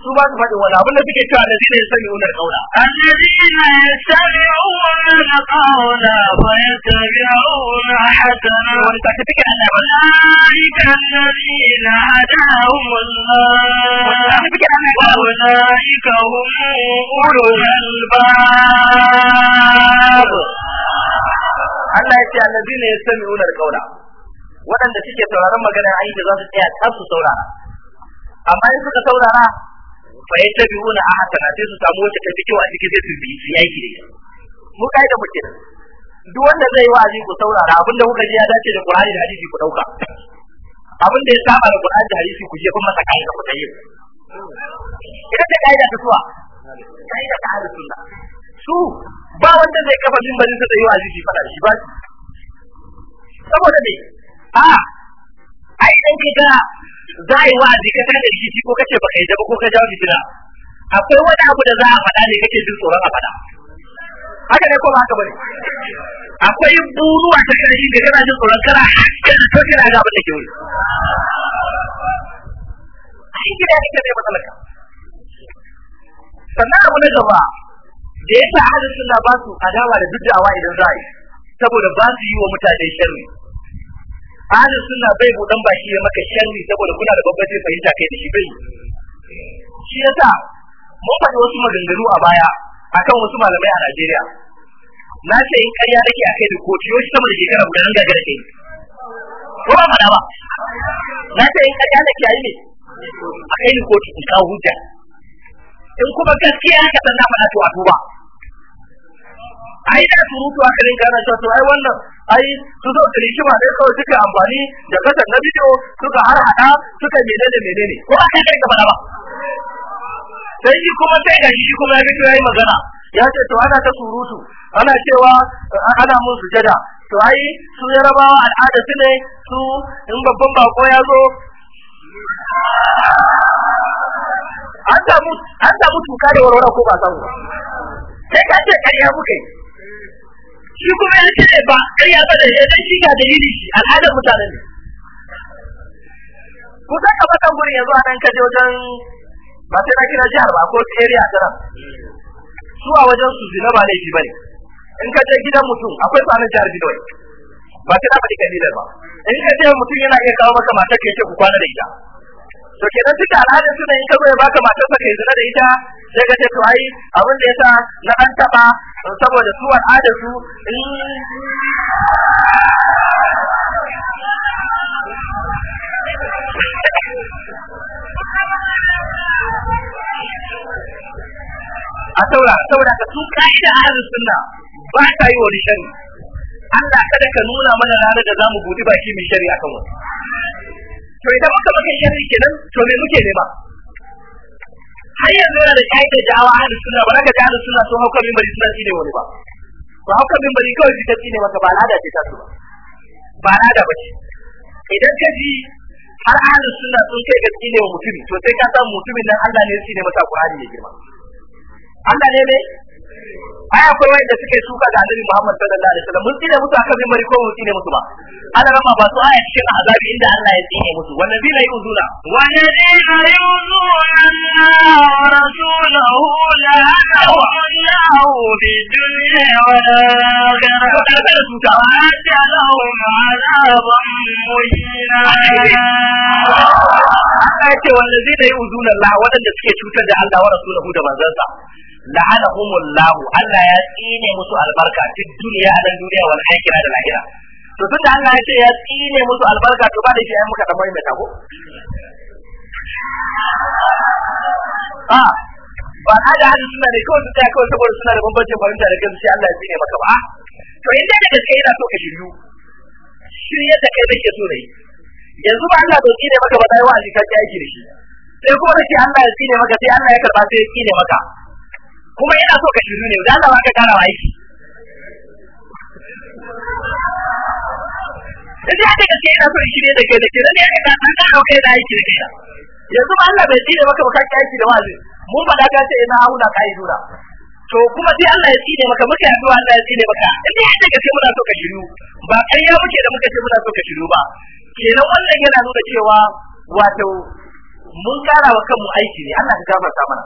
Speaker 1: su ba su faɗin wani abin da suke cewa da zai sami wunar kaula. الذين يتبعون القول فيتبعون حسنه أولئك الذين هداهم الله وأولئك هم أولو الألباب Allah ya ce allazi ne ya sami unar kaura waɗanda suke sauraron magana an yi za su tsaya tsaf su saurara amma in suka saurara fa na ahsana sai su samu wacce ta fi kyau a cikin sai su bi su yaki da ita mu kai da muke duk wanda zai yi wa ku saurara abinda kuka ji ya dace da Qur'ani da hadisi ku ɗauka. abinda ya saba da Qur'ani da hadisi ku je kun masa kai da ku tayi ita ta kaida ta suwa kaida ta ahlus sunna su ba wanda zai kafa mimbarin sa da yawa hadisi fada shi ba saboda ne a ai dan kaga za a yi wa'azi ka da rikici ko kace baka yadda da ko ka jawo fitina akwai wani abu da za a faɗa ne kake jin tsoron a faɗa haka ne ko ba haka bane akwai buruwa ta shi da kana jin tsoron kana hakkin to kana ga abin da ke wuri shi gida ne kake matsalar ka sannan abu na gaba da sa ahlus sunna ba su adawa da bid'a idan za a yi saboda ba su yi wa mutane sharri ahalin sunna bai budan baki ya maka sharri saboda kuna da babbace fahimta kai da shi bai shi yasa mun faɗi wasu maganganu a baya akan wasu malamai a Najeriya na ce in ƙarya nake a kai da kotu yau sama da shekara guda nan gagara ke ko ba faɗa ba na ce in ƙarya nake a yi ne a kai da kotu in kawo hujja in kuma gaskiya ka san na faɗa to a duba ai da surutu aka rinka ana cewa to ai wannan ai su zo da hikima dai kawai amfani da kasar na bidiyo suka har hada suka da menene ne. ko a kai kai gaba ba sai shi kuma sai da shi kuma ya ya yi magana ya ce to ana ta surutu ana cewa ana mun jada. to ai su yarabawa al'ada su ne su in babban bako ya zo an samu an samu da warwara ko ba samu sai ka ce kai ya muke shi kuma ya ce ba kai ya bada ya shi shiga da yiri al'adar mutanen ne kusan a fatan gurin yanzu a nan kaje wajen ba sai na kira jihar ba ko area ta nan su a wajen su zina ba laifi bane in ka je gidan mutum akwai tsarin jihar bidawai ba sai na faɗi kabilar ba in ka je mutum yana iya kawo maka matar ka yake ku kwana da ita to kenan duka al'adar su ne in ka ya baka matar ka zina da ita sai ka ce to ai abin da yasa na an taba saboda su al'adar su a saura saboda ka su ka'ida arzikin sunna ba ta yi wani shari'a. Allah kada ka nuna mana ranar da mu gudi baki mai shari'a kan to idan aka maka sharri kenan to me muke ne ba har yanzu yana da kaidar da a da suna ba za ka ga da suna sun hauka bari suna tsine wani ba to hauka bari kawai su ta tsine maka ba lada ce ta su ba lada ba ce idan ka ji har ahlus sunna sun kai ga ne wa mutum to sai ka samu mutumin nan Allah ne ya tsine masa Qur'ani ne girma Allah ne mai ai akwai wanda suke suka ga Annabi Muhammad sallallahu alaihi wasallam mun tsine musu akan mimbari ko mun tsine musu ba ana rama ba su aya cikin azabi inda Allah ya tsine musu wallazina yu'zuna wallazina yu'zuna rasulahu la ta'lamu bi dunya wal akhirah lahum azabun muhina Allah ya ce wallazina yu'zuna Allah wadanda suke cutar da Allah wa rasulahu da manzansa la'anahumullahu Allah ya tsine musu albarka cikin duniya a nan duniya wal akhirah da lahira to tun da Allah ya ce ya tsine musu albarka to ba da shi ai muka ah, da mai ko ba a da hadin suna ne kawai suka kawai saboda suna da bambancin fahimta da kansu sai Allah ya tsine maka ba to inda da gaske yana so ka shiryu shirye da kai nake so ne yanzu ba Allah bai tsine maka ba sai wa ka ji aiki da shi sai kuma da shi Allah ya tsine maka sai Allah ya karba sai ya tsine maka kuma yana so ka shiru ne da Allah ba ka kara wa aiki Yanzu ya daga ke yana so shi ne da ke da ke da ne ya ka ta kara kai da aiki da ke yanzu ba Allah bai tsire maka bukaki aiki da wazi mun ba da ka ce ina hauna yi dura to kuma sai Allah ya tsine maka muka yaduwa Allah ya tsine maka inda ya daga sai muna so ka shiru ba ƙarya muke da muka ce muna so ka shiru ba kenan wannan yana nuna cewa wato mun kara wa kanmu aiki ne Allah ka gafarta mana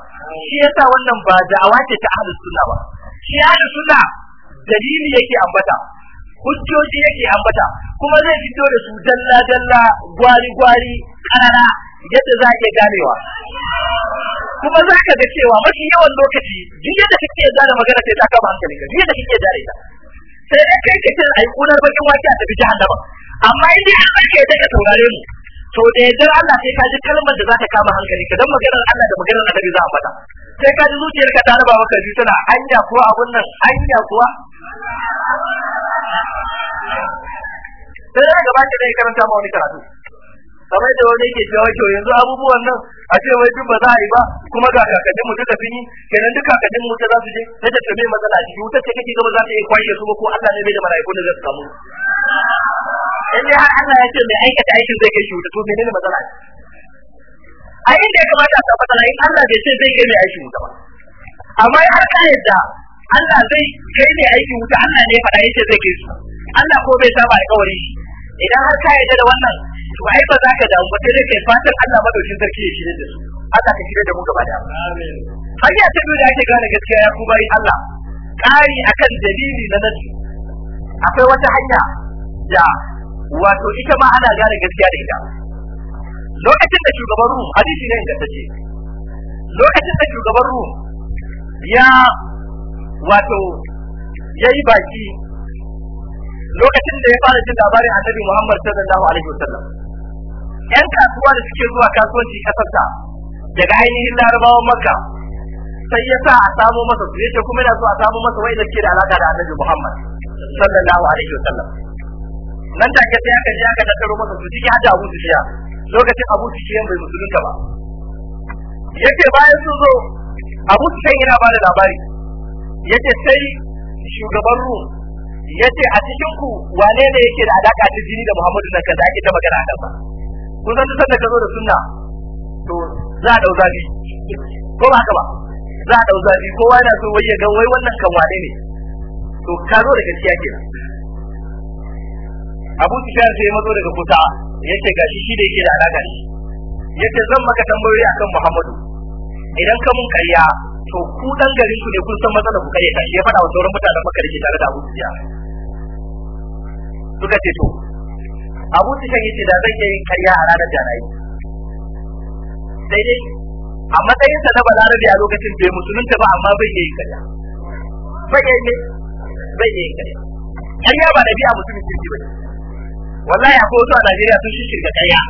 Speaker 1: shi yasa wannan ba da ce ta ahlus sunna ba shi ahlus sunna dalili yake ambata hujjoji yake ambata kuma zai fito da su dalla dalla gwari gwari kanana yadda za ka ganewa kuma za ka ga cewa mafi yawan lokaci duk yadda kake zana magana sai ta kama hankali ka duk yadda kake da ita sai kai kace ai kunar bakin wake a tafi jahannama amma idan dai har kake da saurare mu to da yardar Allah sai ka ji kalmar da za ta kama hankali ka dan maganar Allah da maganar Annabi za a faɗa sai ka ji zuciyarka ta raba maka ji tana hanya kuwa abun nan hanya kuwa sai ga baki ki ya karanta ma wani karatu kamar da wani yake cewa to yanzu abubuwan nan a ce wai duk ba za a yi ba kuma ga kakadin mu duka fini, kenan duk kakadin mu ta za su je ta da matsala matsala shi wutar ce kake gaba za ta yi kwaye su ko Allah ne bai da mala'iku da zai samu in dai har Allah ya ce mai aikata aikin zai kai shi wuta to menene matsala a inda ya kamata a tabbatar in Allah bai ce zai kai mai aikin wuta ba amma ya har ka yadda Allah zai kai mai aikin wuta Allah ne ya faɗa yace zai kai su Allah ko bai saba alƙawari shi idan har ka yadda da wannan to ai ba za ka damu ba sai dai kai fatan Allah madaukin sarki ya shirye da su Allah ka shirye da mu gaba da amin hanya ta biyu da ake gane gaskiya ya kuma bayin Allah ƙari akan dalili na nasu akwai wata hanya da wato ita ma ana gane gaskiya da ita lokacin da shugaban ruhu hadisi ne da tace lokacin da shugaban rum ya wato yayi baki lokacin da ya fara jin labarin annabi Muhammad sallallahu alaihi wasallam yan kasuwa da suke zuwa kasuwanci kasar ta daga ainihin larabawan makka sai ya sa a samo masa su yace kuma yana so a samo masa wai da ke da alaƙa da annabi Muhammad sallallahu alaihi wasallam nan take sai aka je aka tattaro masa su ciki hada Abu Sufyan lokacin Abu Sufyan bai musulunta ba yake bayan sun zo Abu Sufyan yana bada labari yake sai shugaban Rum yake a cikin ku wane ne yake da alaka ta jini da Muhammadu nan kaza ake ta magana da ba kun san sanda ka zo da sunna to za a dau zabi ko ba haka ba za a dau zabi kowa yana so wai ya ga wai wannan kan wane ne to ka zo da gaskiya kenan abu sufyan sai ya mazo daga kusa yace gashi shi da yake da alaka shi yace zan maka tambayoyi akan muhammadu idan ka mun karya to ku dan garin ku ne kun san matsalar ku karya ta shi ya faɗa wa sauran mutanen makka dake tare da abu Su suka ce to abu sufyan yace da zan yi karya a ranar janayi sai dai a matsayinsa na balarabe a lokacin bai ta ba amma bai yi karya bai yi bai yi karya karya ba dabi'a musulunci ba ne wallahi akwai wasu a Najeriya sun shirga ɗaya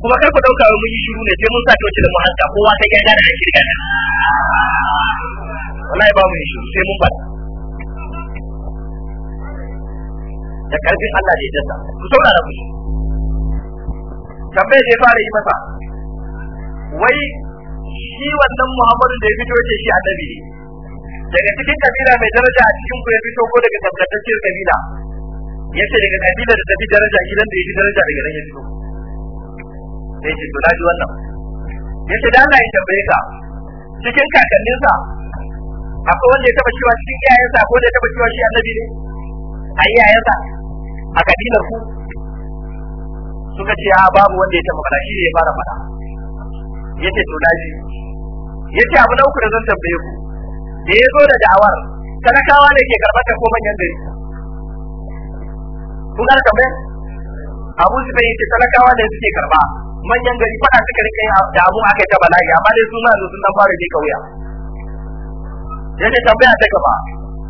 Speaker 1: kuma kar ku dauka mun yi shiru ne sai mun sa toci da mu haska kowa sai ya da shirga ne wallahi ba mu yi shiru sai mun faɗa da karfin Allah ne dasa ku da ku tambayar da ya fara yi masa wai shi wannan Muhammadu da ya fito ce shi a ne daga cikin kabila mai daraja a cikin ku ya fito ko daga tabbatacciyar kabila yace daga kabila da tafi daraja idan da yafi daraja daga nan ya fito sai ce to na ji wannan yace da Allah ya tambaye ka cikin kakanninsa akwai wanda ya taba cewa cikin iyayensa akwai wanda ya taba cewa shi annabi ne a iyayensa a kabilar ku suka ce a ah, babu wanda ya taba fada shi ne ya fara fada yace to daji yace abu na uku da zan tambaye ku da ya zo da da'awar talakawa ne ke karɓar ta ko manyan gari kun gane kamar abu su bai yace talakawa da suke karba manyan gari fada suka rike da abu aka ta bala'i amma dai su ma sun dan fara je kauya yace tambaya ta gaba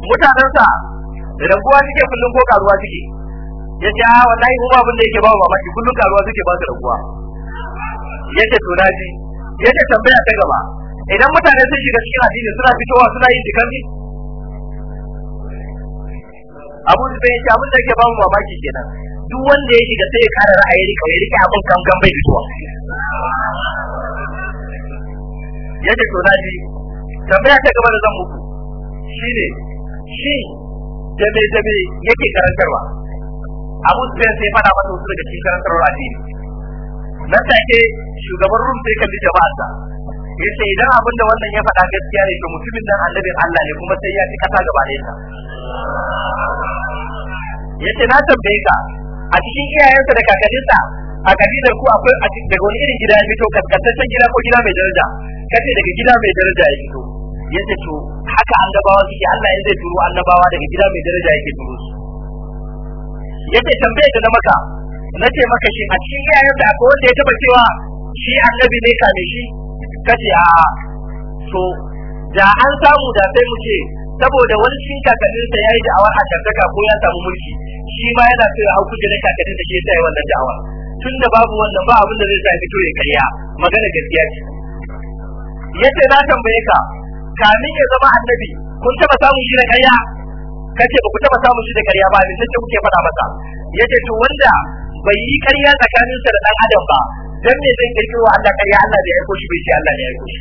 Speaker 1: mutanen sa rabuwa suke kullun ko karuwa suke ya a ah, wallahi ba abin da yake ba mamaki kullun karuwa suke ba su rabuwa yake to naji yake tambaya ta gaba idan mutane sun shiga cikin addini suna fitowa suna yin dikanni abun da bai abun da yake bamu mamaki kenan duk wanda ya shiga sai ya kara ra'ayi rika ya rike kan kankan bai fitowa yadda to na ji tambaya ta gaba da zan muku shine shi dame dame yake karantarwa abu'n da sai fada masa wasu daga cikin karantarwar addini nan take shugaban rum sai kalli jama'arsa yace idan abin da wannan ya faɗa gaskiya ne to mutumin nan annabin Allah ne kuma sai ya ci kasa gaba da yace na tambaye ka a cikin iyayensa da kakanninsa a kabilar ku akwai a cikin daga wani irin gida ya fito kaskantaccen gida ko gida mai daraja kace daga gida mai daraja ya fito yace to haka an gabawa suke Allah ya zai turo annabawa daga gida mai daraja yake turo su yace tambaye ka na maka nace maka shi a cikin iyayensa ko akwai wanda ya taba cewa shi annabi ne kame shi kace a to da an samu da sai mu ce saboda wani cikin kakanninsa ya yi da'awar a shantaka ko ya samu mulki shi ma yana so ya hau da kakannin da shi ya sa wannan da'awa tun da babu wannan ba abin da zai sa ya fito ya karya magana gaskiya ce yace na tambaye ka kamin ya zama annabi kun taba samun shi da karya kace ba ku taba samun shi da karya ba ne sai kuke faɗa masa yace to wanda bai yi karya tsakaninsa da dan adam ba dan me zai wa Allah kariya Allah bai aiko shi bai ce Allah ne ya aiko shi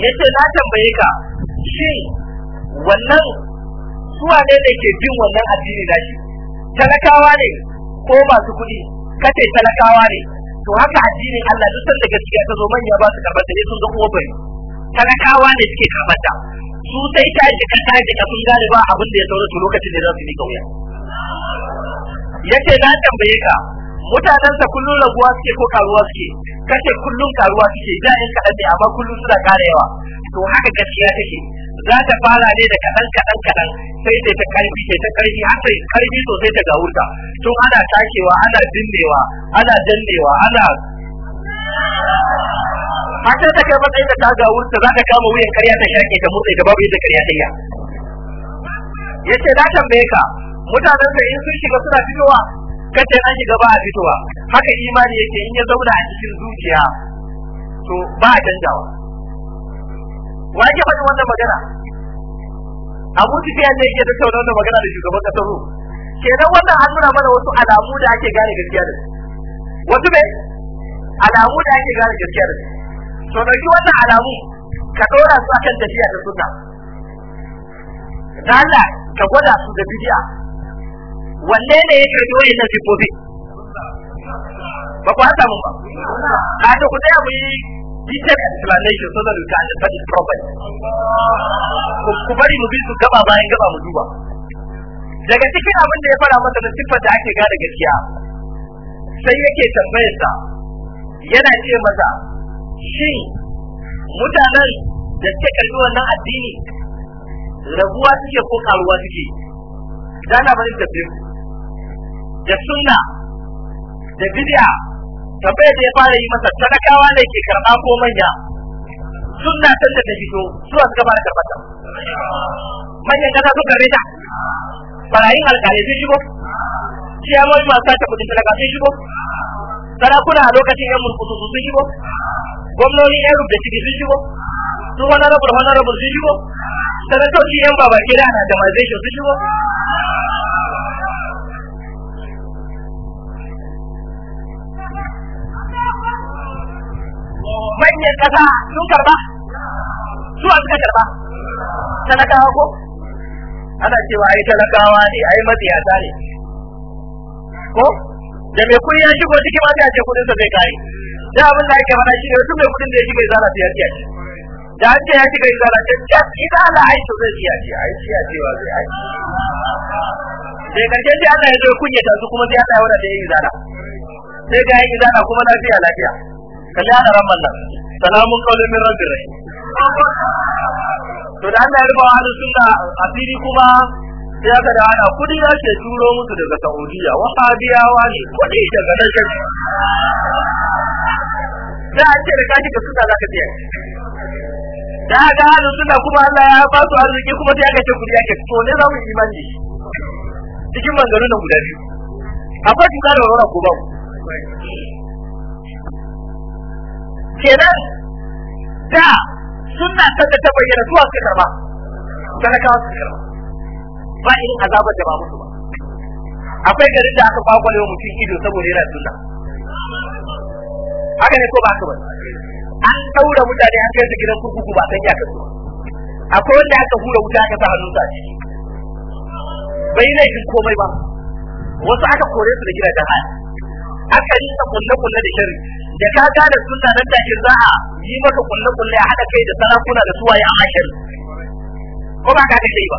Speaker 1: yace na tambaye ka shin wannan suwa ne da ke bin wannan addini da shi talakawa ne ko masu kuɗi kace talakawa ne to haka addinin Allah duk sanda gaskiya ta zo manya ba su karɓar ne sun ga kofar talakawa ne suke karɓar ta su sai ta ji ka ta ji ka sun gane ba abin da ya saura su lokacin da za su yi kauya yace na tambaye ka mutanen sa kullun raguwa suke ko karuwa suke kace kullun karuwa suke jayin kaɗan ne amma kullun suna karewa to haka gaskiya take za ta fara ne da kaɗan kaɗan kaɗan sai ta ta karfi ta ta karfi har sai karfi sosai ta gawurta tun ana takewa, ana binnewa ana dannewa ana haka ta kai matsayin da ta gawurta za ta kama wuyan karya ta shaƙe ta murɗe ta babu yadda karya ta Ya ce na tambaye ka mutanen da in sun shiga suna fitowa kace an shiga ba a fitowa haka imani yake in ya zauna a cikin zuciya to ba a canjawa wa yake faɗin wannan magana abu sufiyan ne yake tattauna wannan magana da shugaban kasar ru kenan wannan an nuna mana wasu alamu da ake gane gaskiya da wasu me alamu da ake gane gaskiya da to dauki wannan alamu ka dora su akan tafiya da sunna da Allah ka gwada su da bidiya. wanne ne ya karbi wayannan sifofi ba ku hata mun ba ka to ku tsaya mu yi detailed explanation so that you can understand it properly ku bari mu bi su gaba bayan gaba mu duba daga cikin abin da ya fara masa da siffar da ake gane gaskiya sai yake tambayar sa yana ce masa shi mutanen da suke kalli wannan addini rabuwa suke ko karuwa suke dana bari tafi da sunna da bid'a tabbai da ya fara yi masa talakawa ne ke karɓa ko manya sunna ta da ta fito suwa suka fara karɓa ta manyan kasa suka ta. barayin alƙalai sun shigo ciyamoyi masu sace kudin talaka sun shigo sarakuna a lokacin yan murkusu sun shigo gwamnoni yan rubuta ciki sun shigo su honorable rabu sun shigo sanatoci yan da na jamalization sun shigo manyan kasa sun karba su suka karba talakawa ko ana cewa ai talakawa ne ai mabiyata ne ko da mai kuɗi ya shigo ciki ma ta ce kuɗin sa zai kare da abin da ake shi ne su mai kuɗin da ya shiga izara sai ya tiya da an ce ya shiga zara ce ce idan Allah ai to zai tiya ce ai tiya ce wa zai ai sai karshe sai Allah ya zo kunyata su kuma sai Allah ya wada da yin zara sai ga yin zara kuma lafiya lafiya kalli ana ramman nan salamun kaulin min rabbi rai to da Allah ya rubawa da sunna a fili kuma sai aka da ana kudi da ke turo musu daga Saudiya wahabiyawa ne kudi daga nan shi da ce da kaji ka sunna zaka biya da ga halin suna kuma Allah ya ba su arziki kuma sai aka ce kudi ake to ne za mu yi imani cikin mangaru na guda biyu akwai tuka da wara ko ba kenan da suna ta da ta bayyana zuwa sai karba talakawa su karba ba irin azabar da ba musu ba akwai garin da aka ne mutum ido saboda yana sunna haka ne ko ba ka ba an saura mutane an kai su gidan kurkuku ba san iyakar su akwai wanda aka hura wuta aka sa hannun sa ciki bai laifin komai ba wasu aka kore su da gidajen haya aka yi sa kulle kulle da sharri da ka gane sunna nan da za a yi maka kulle kulle a hada kai da sarakuna da suwaye a mashar ko ba ka ga sai ba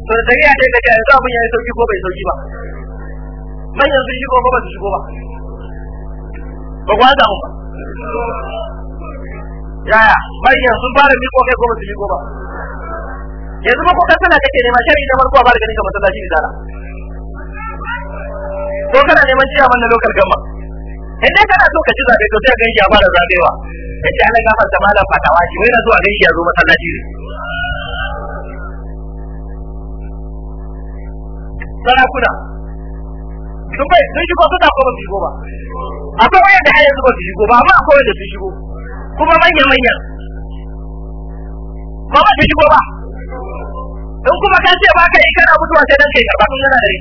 Speaker 1: to da tariya ta daga yanzu abin yi sauki ko bai sauki ba manyan sun shigo ba ba su shigo ba ba ku haɗa ba yaya manyan sun fara miko kai ko ba su miko ba yanzu ba ko ka sana kake nema shari'i na farko a fara ganin ka masallaci ne dara ko kana neman ciya wannan lokal gama in kana so ka ci zabe to sai ka yi a fara zabewa yace Allah gafar da malam fatawa shi wai na zuwa ganshi ya zo masallaci ne kuna sun bai sun shigo suka ko ba su shigo ba akwai wanda da yanzu ba su shigo ba amma akwai wanda sun shigo kuma manya manya ba ba su shigo ba in kuma ka ce ba ka yi kana mutuwa sai dan kai karba kun gana da rai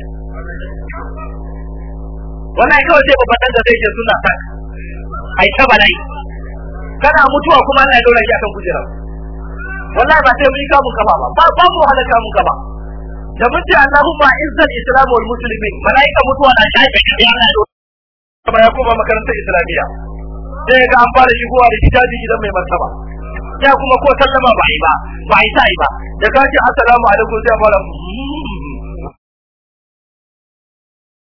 Speaker 1: wannan kawai sai babban dan da zai je suna sa ai ta balai kana mutuwa kuma Allah ya daura shi akan kujera wallahi ba sai mun kamun kafa ba ba ba mu hada kamun kaba. da mun ce Allahumma izzal islam wal muslimin malaika mutuwa na shafe ya Allah kuma ya kuma makarantar islamiyya sai ga an fara shigowa da hijabi gidan mai martaba ya kuma ko sallama ba yi ba ba yi sai ba da kaji assalamu alaikum sai fara hmm.